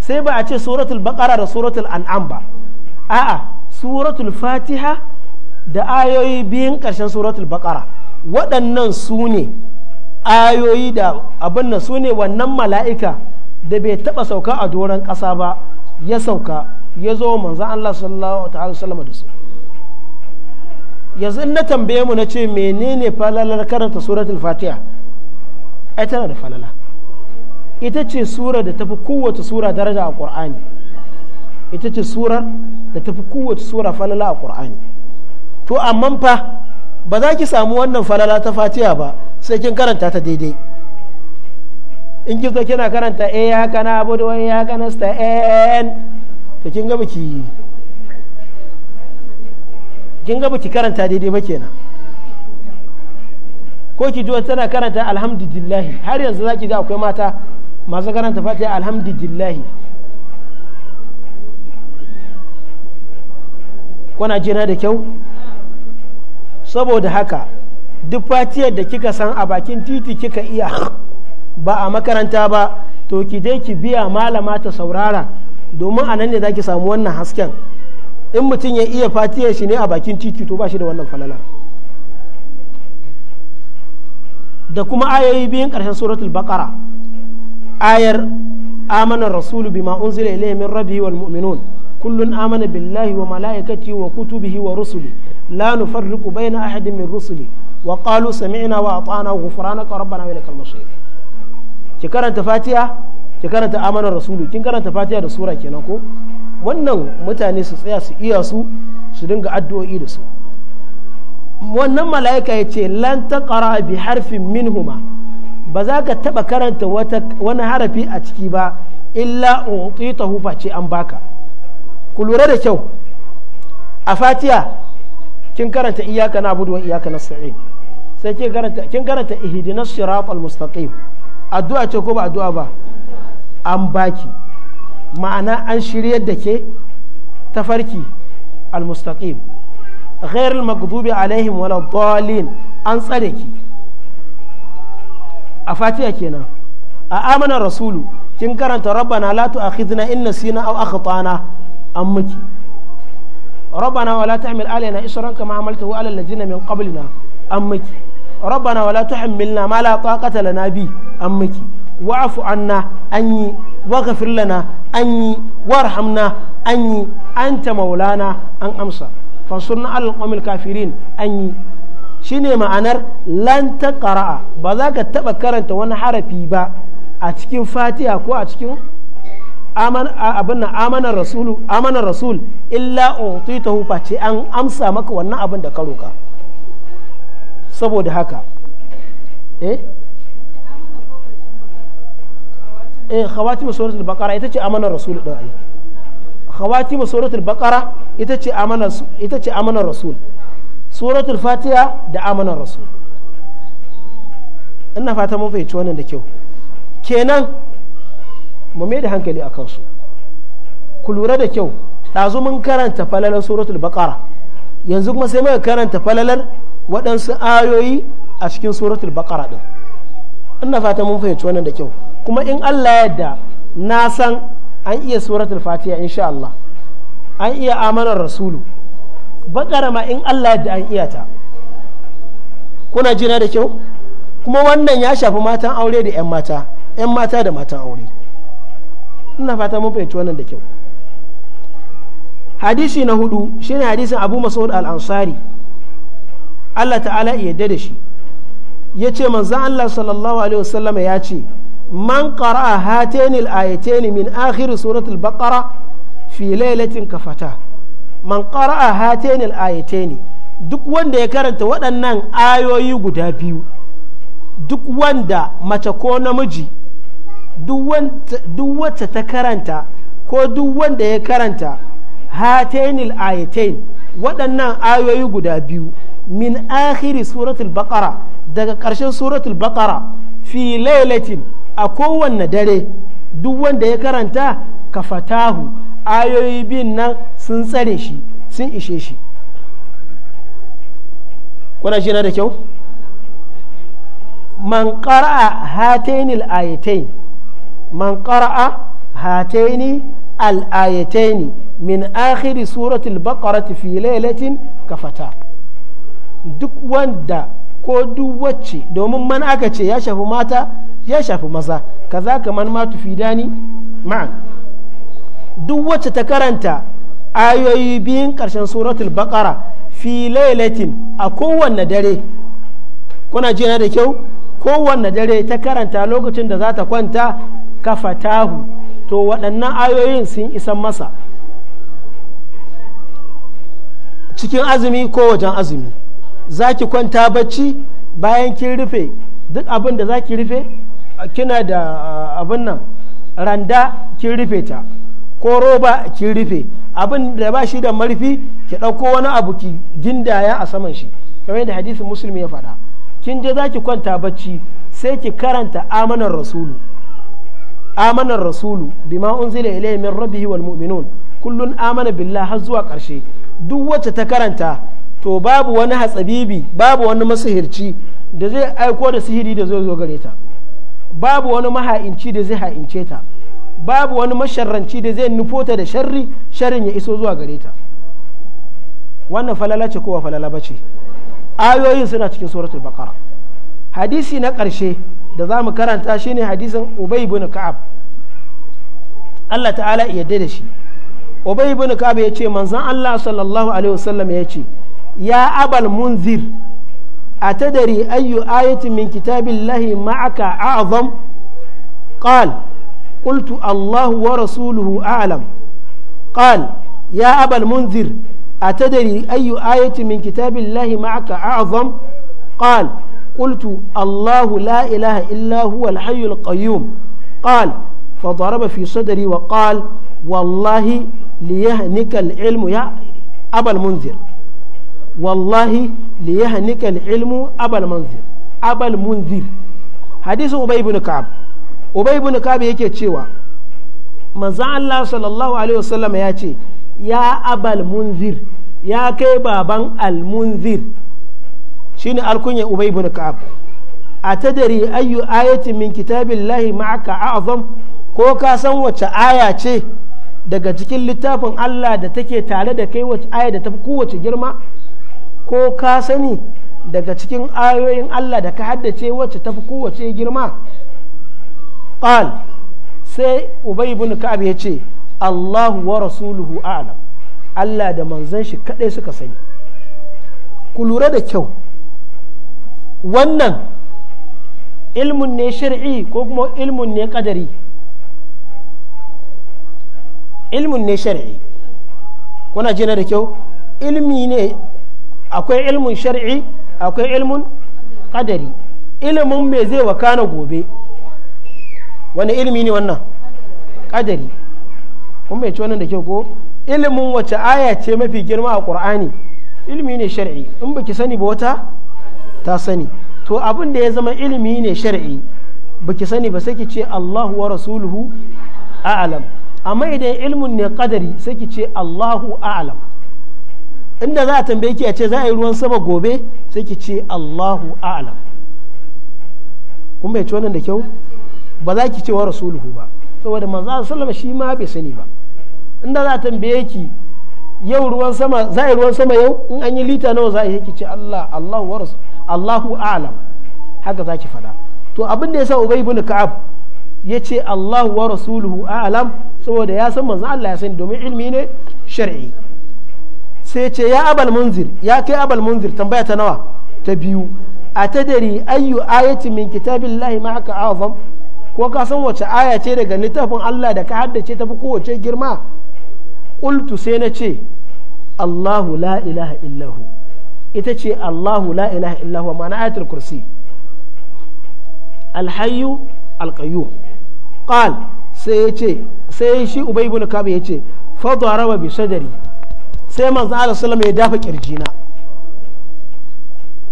sai ba a ce suratul baqara da suratul an'am ba a'a suratul fatiha da ayoyi biyun karshen suratul baqara waɗannan su ne ayoyi da abin nan su ne wannan mala'ika da bai taɓa sauka a doron ƙasa ba ya sauka ya zo manzan Allah sallallahu ta'ala sallama da su yanzu na tambaye mu na ce menene falalar karanta suratul fatiha ai tana da falala ita ce sura da tafi kowace sura daraja a qur'ani ita ce sura da tafi kowace sura falala a qur'ani to amma fa ba za ki samu wannan falala ta Fatiya ba sai kin karanta ta daidai in ki zo kina karanta a eh, ya haka na abu da eh, wani ya haka na N. to kin ga biki kin ga biki karanta daidai ba kenan ko ki ji tana karanta alhamdulillah har yanzu za ki ji akwai mata masu karanta fatiya alhamdulillah kuna jira da kyau saboda haka duk fatiyar da kika san a bakin titi kika iya ba a makaranta ba to ki dai ki biya malama ta saurara domin a nan ne zaki samu wannan hasken in mutum ya iya fatiyar shi ne a bakin titi to ba shi da wannan falalar da kuma ayoyi biyun ƙarshen suratul bakara ayar amana rasulu bima unzila ilayhi min rabbihi wal mu'minun kullun amana billahi wa mala'ikati wa kutubihi wa rusuli la nufarriqu baina ahadin min rusuli wa qalu sami'na wa ata'na ghufranaka rabbana wa ilaikal masir ki karanta fatiha ki karanta amanar kin karanta fatiha da sura kenan wannan mutane su tsaya su iya su su dinga addu'o'i da su wannan mala'ika ya ce lan taqra bi harfin minhuma ba za ka taɓa karanta wani harafi a ciki ba illa utitahu face an baka ku lura da kyau a fatiya. kin karanta iyaka na wa iyaka nasta'in sai kin karanta kin karanta ihdinas siratal mustaqim addu'a ce ko ba addu'a ba an baki ma'ana an shiryar da ke tafarki al-mustaqim ghairul maghdubi alaihim wala dhalin an tsare ki a fatiha kenan a amana rasulu kin karanta rabbana la tu'akhidna in nasina aw akhtana an miki ربنا ولا تحمل علينا إصرا كما عملته على الذين من قبلنا أمك ربنا ولا تحملنا ما لا طاقة لنا به أمك واعف عنا أني واغفر لنا أني وارحمنا أني أنت مولانا أن أمسى فانصرنا على القوم الكافرين أني shine ma'anar lan ta ba za ka taɓa karanta wani harafi ba a cikin fatiha ko a cikin abin amanar rasulu amanar rasul illa hufa ce an amsa maka wannan abin da ka roka saboda haka eh eh khawatimu suratul baqara ita ce amanar rasul din ai khawatimu suratul baqara ita ce amanar ita ce amanar rasul suratul fatiha da amanar rasul ina fata mun fahimci wannan da kyau kenan mu mai da hankali a kansu ku lura da kyau ɗazu mun karanta falalar suratul baqara yanzu kuma sai muka karanta falalar waɗansu ayoyi a cikin suratul baqara ɗin ina fata mun fahimci wannan da kyau kuma in Allah ya yadda na san an iya suratul fatiha insha Allah an iya amanar rasulu baqara ma in Allah yadda an iya ta kuna jina da kyau kuma wannan ya shafi matan aure da 'yan mata 'yan mata da matan aure ina fata mun fahimci wannan da kyau hadisi na hudu shine hadisin abu mas'ud al-ansari Allah ta'ala iya yarda da shi ya ce manzan Allah sallallahu alaihi wasallama ya ce man kara a al-ayataini min surat suratul baqara fi lailatin kafata man kara a al-ayataini duk wanda ya karanta waɗannan ayoyi guda biyu duk wanda mace ko namiji duk wacce ta karanta ko duk wanda ya karanta hatainil ayatain waɗannan ayoyi guda biyu min akhiri suratul bakara daga ƙarshen suratul baqara fi lailatin a kowanne dare duk wanda ya karanta ka fatahu ayoyi biyun nan sun tsare shi sun ishe shi kuna shi na da kyau man ƙara hatainil ayatain man qara'a hataini al-ayataini min akhiri suratul baqarati fi lailatin kafata duk wanda ko duk wacce domin man aka ce ya shafi mata ya shafi maza kaza kaman ma tufidani ma'an duk wacce ta karanta ayoyi biyun karshen suratul baqara fi lailatin a kowanne dare kuna jina da kyau kowanne dare ta karanta lokacin da za ta kwanta kafatahu to waɗannan ayoyin sun isan masa cikin azumi ko wajen azumi za ki kwanta bacci bayan kin rufe duk abin da za ki rufe kina da ah, abin nan randa kin rufe ta ko roba kin rufe abin da ba shi da marfi ki ɗauko wani abu ki gindaya a saman shi kamar da hadisin musulmi ya faɗa kin je za ki kwanta bacci sai ki karanta amanar rasulu Amanan rasulu bima unzila ilayhi min rabbihi wal mu'minun kullun amana billa har zuwa karshe duk wacce ta karanta to babu wani hatsabibi babu wani masihirci da zai aiko da sihiri da zai zo gare babu wani maha'inci da zai ha'ince ta babu wani masharranci da zai nufo ta da sharri sharrin ya iso zuwa gareta wannan falala ce kowa falala bace ayoyin suna cikin suratul baqara hadisi na ƙarshe da za mu karanta shi ne hadisin ubay ibn ka'ab Allah ta'ala yadda da shi ubay ibn ka'ab ya ce manzon Allah sallallahu alaihi wasallam ya ce ya abal munzir atadari ayyu ayatin min kitabillahi ma'aka a'zam qal qultu Allahu wa rasuluhu a'lam qal ya abal munzir atadari ayyu ayatin min kitabillahi ma'aka a'zam qal قلت الله لا إله إلا هو الحي القيوم قال فضرب في صدري وقال والله ليهنك العلم يا أبا المنذر والله ليهنك العلم أبا المنذر أبا المنذر حديث أبي بن كعب أبي بن كعب يكي تشيوا manzan Allah sallallahu Alaihi wasallam ya ce ya abal munzir ya kai baban al munzir shine alkunya ubay ibn ka'ab atadari ayyu ayatin min kitabillahi ma'aka a'zam ko ka san wace aya ce daga cikin littafin Allah da take tare da kai wacce aya da tafi kowace girma ko ka sani daga cikin ayoyin Allah da ka haddace wacce tafi kowace girma qal sai ubay ibn ka'ab ya ce Allahu wa rasuluhu a'lam Allah da manzon shi kadai suka sani ku lura da kyau wannan ilmun ne shari'i ko kuma ilmun ne kadari ilmun ne shari'i kuna jina da kyau ilmi ne akwai ilmun shari'i akwai ilmun kadari ilimin me zai wakana gobe wani ilmi ne wannan kadari kun mai ci wannan da kyau ko ilimin wace aya ce mafi girma a ƙur'ani ilmi ne shari'i in baki sani ba wata ta sani to abin da ya zama ilimi ne shar'i ki sani ba sai ki ce Allahu wa rasuluhu a'lam amma idan ilmun ne qadari sai ki ce Allahu a'lam inda za a tambaye ki a ce za a yi ruwan sama gobe sai ki ce Allahu a'lam kun bai ci wannan da kyau ba za ki ce wa rasuluhu ba saboda manzo sallama shi ma bai sani ba inda za a tambaye ki yau ruwan sama za a yi ruwan sama yau in an yi lita nawa za a yi ki ce Allah Allahu wa rasuluhu Allahu a'lam haka zaki fada to abin da yasa Ubay ibn Ka'ab ya ce Allahu wa rasuluhu a'lam saboda ya san manzo Allah ya san domin ilmi ne shar'i sai ce ya abal munzir ya kai abal munzir tambaya ta nawa ta biyu a tadari ayyu ayati min kitabillahi ma haka azam ko ka san wace aya ce daga littafin Allah da ka haddace ta fi kowace girma qultu sai na ce Allahu la ilaha illahu ita ce Allahu la ilaha illa wa ma'ana ayatul kursi alhayyu alqayyum qal sai ya ce sai shi ubay ibn kabe ya ce fa daraba bi sadari sai manzo Allah sallallahu ya dafa kirjina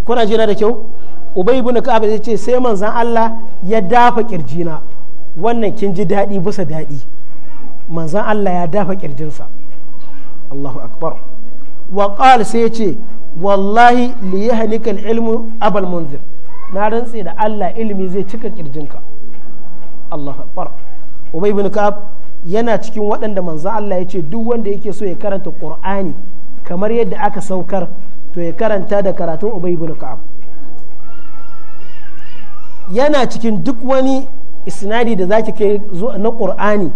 kuna jira da kyau ubay ibn kabe ya ce sai manzo Allah ya dafa kirjina wannan kin ji dadi bisa dadi manzo Allah ya dafa kirjinsa Allahu akbar wa qal sai ya ce wallahi li yahnikal ilmu abal munzir na rantse da Allah ilmi zai cika kirjinka Allahu akbar Ubay ibn Ka'ab yana cikin waɗanda manzo Allah ya ce duk wanda yake so ya karanta Qur'ani kamar yadda aka saukar to ya karanta da karatun Ubay ibn Ka'ab yana cikin duk wani isnadi da zaki kai na Qur'ani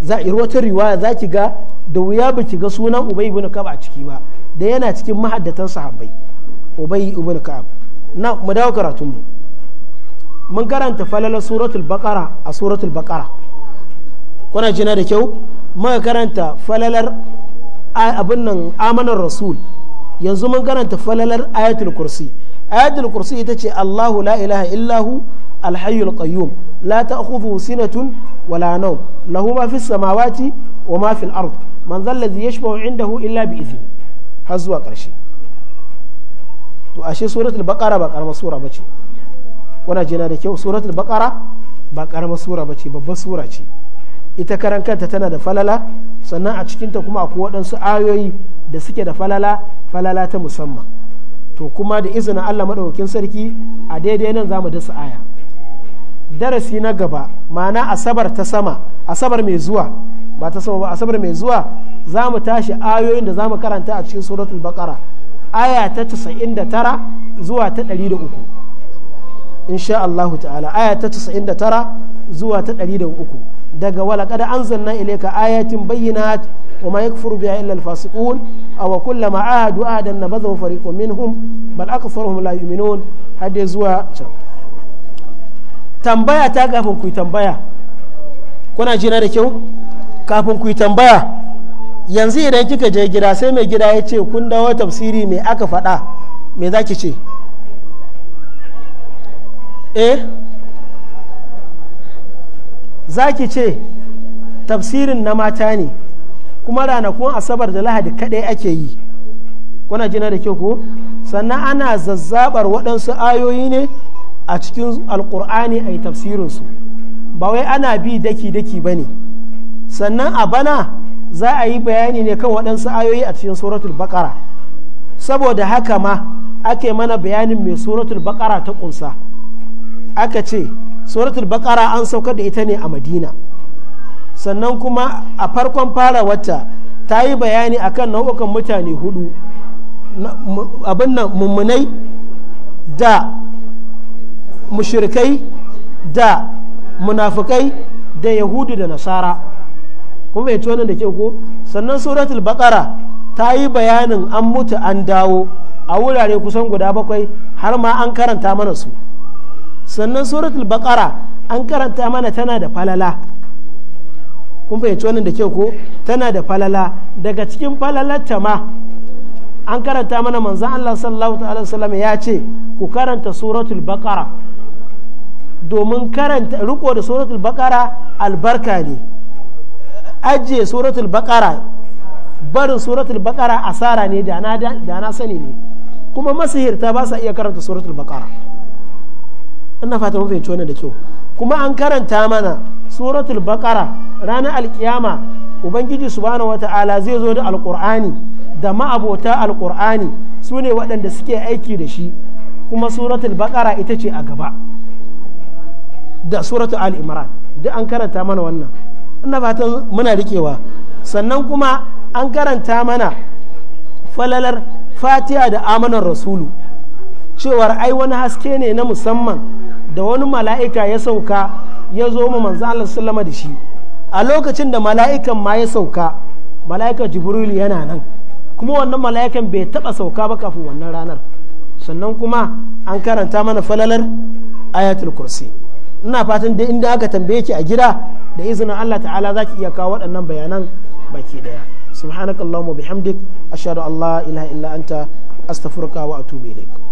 za wata riwaya zaki ga da wuya ba ki ga sunan Ubay ibn Ka'ab a ciki ba da yana cikin mahaddatan sahabbai ubay ibn ka'ab na mu dawo karatun mu mun karanta falala suratul baqara a suratul baqara kuna jina da kyau muka karanta falalar abin nan amanar rasul yanzu mun karanta falalar ayatul kursi ayatul kursi ita ce Allahu la ilaha illahu alhayyul qayyum la ta'khudhuhu sinatun wala nawm lahu ma fis samawati wa ma fil ard man dhal ladhi yashfa'u 'indahu illa bi idhnihi har zuwa ƙarshe to ashe suratul baqara ba karamar sura bace kuna jina da kyau suratul baqara ba karamar sura bace babbar sura ce ita karan kanta tana da falala sannan a cikinta kuma akwai waɗansu ayoyi da suke da falala falala ta musamman to kuma da izinin Allah madaukakin sarki a daidai nan zamu dasa aya darasi na gaba ma'ana asabar ta sama asabar mai zuwa ba ta sama ba asabar mai zuwa za mu tashi ayoyin da za mu karanta a cikin suratul baƙara aya ta tara zuwa ta uku insha Allahu ta'ala aya ta tara zuwa ta uku daga walaqad anzalna ilaika ayatin bayyinat wa ma yakfuru biha illa al-fasiqun aw kullama aadu adan nabadhu fariqun minhum bal aktharuhum la yu'minun hadde zuwa can tambaya ta kafin ku tambaya kuna jina da kyau kafin ku yi tambaya yanzu idan kika je gida sai mai gida ya ce kun dawo tafsiri mai aka faɗa me za ki ce eh za ki ce tafsirin na mata ne kuma ranakun asabar da lahadi kaɗai ake yi kuna jina da kyau ko sannan ana zazzabar waɗansu ayoyi ne a cikin alƙur'ani a yi tafsirinsu ba wai ana bi daki-daki ba ne sannan a bana za a yi bayani ne kan waɗansu ayoyi a cikin suratul baƙara saboda haka ma ake mana bayanin mai suratul baƙara ta ƙunsa aka ce suratul baƙara an saukar da ita ne a madina sannan kuma a farkon fara wata ta yi bayani a kan nau'ukan mutane hudu abin nan mummunai da mushirikai da munafukai da yahudu da nasara kuma ya ci wannan da ke ko sannan suratul bakara ta yi bayanin an mutu an dawo a wurare kusan guda bakwai har ma an karanta mana su sannan suratul bakara an karanta mana tana da falala kun fahimci wannan da ke ko tana da falala daga cikin falalarta ma an karanta mana manzan Allah sallallahu ta'ala sallam ya ce ku karanta suratul bakara domin karanta riko da suratul bakara albarka ne ajiye suratul bakara barin suratul bakara asara ne da na sani ne kuma masihirta ba sa iya karanta suratul bakara ina fata mun fahimci wannan da kyau kuma an karanta mana suratul bakara ranar alkiyama ubangiji subhanahu wata'ala zai zo da alkur'ani da ma'abota alkur'ani su ne waɗanda suke aiki da shi kuma suratul bakara ita ce a gaba da suratul al-imran duk an karanta mana wannan ina fatan muna rikewa sannan kuma an karanta mana falalar fatiha da amanar rasulu cewar ai wani haske ne na musamman da wani mala'ika ya sauka ya zo mu manzo Allah sallama da shi a lokacin da mala'ikan ma ya sauka mala'ikan jibril yana nan kuma wannan mala'ikan bai taba sauka ba kafin wannan ranar sannan kuma an karanta mana falalar ayatul kursi ina fatan dai inda aka tambaye ki a gida da izinin Allah ta'ala za ki iya kawo waɗannan bayanan baki ɗaya. subhanakallahumma bihamdik ashhadu an la ilaha illa anta astaghfiruka wa atubu ilaik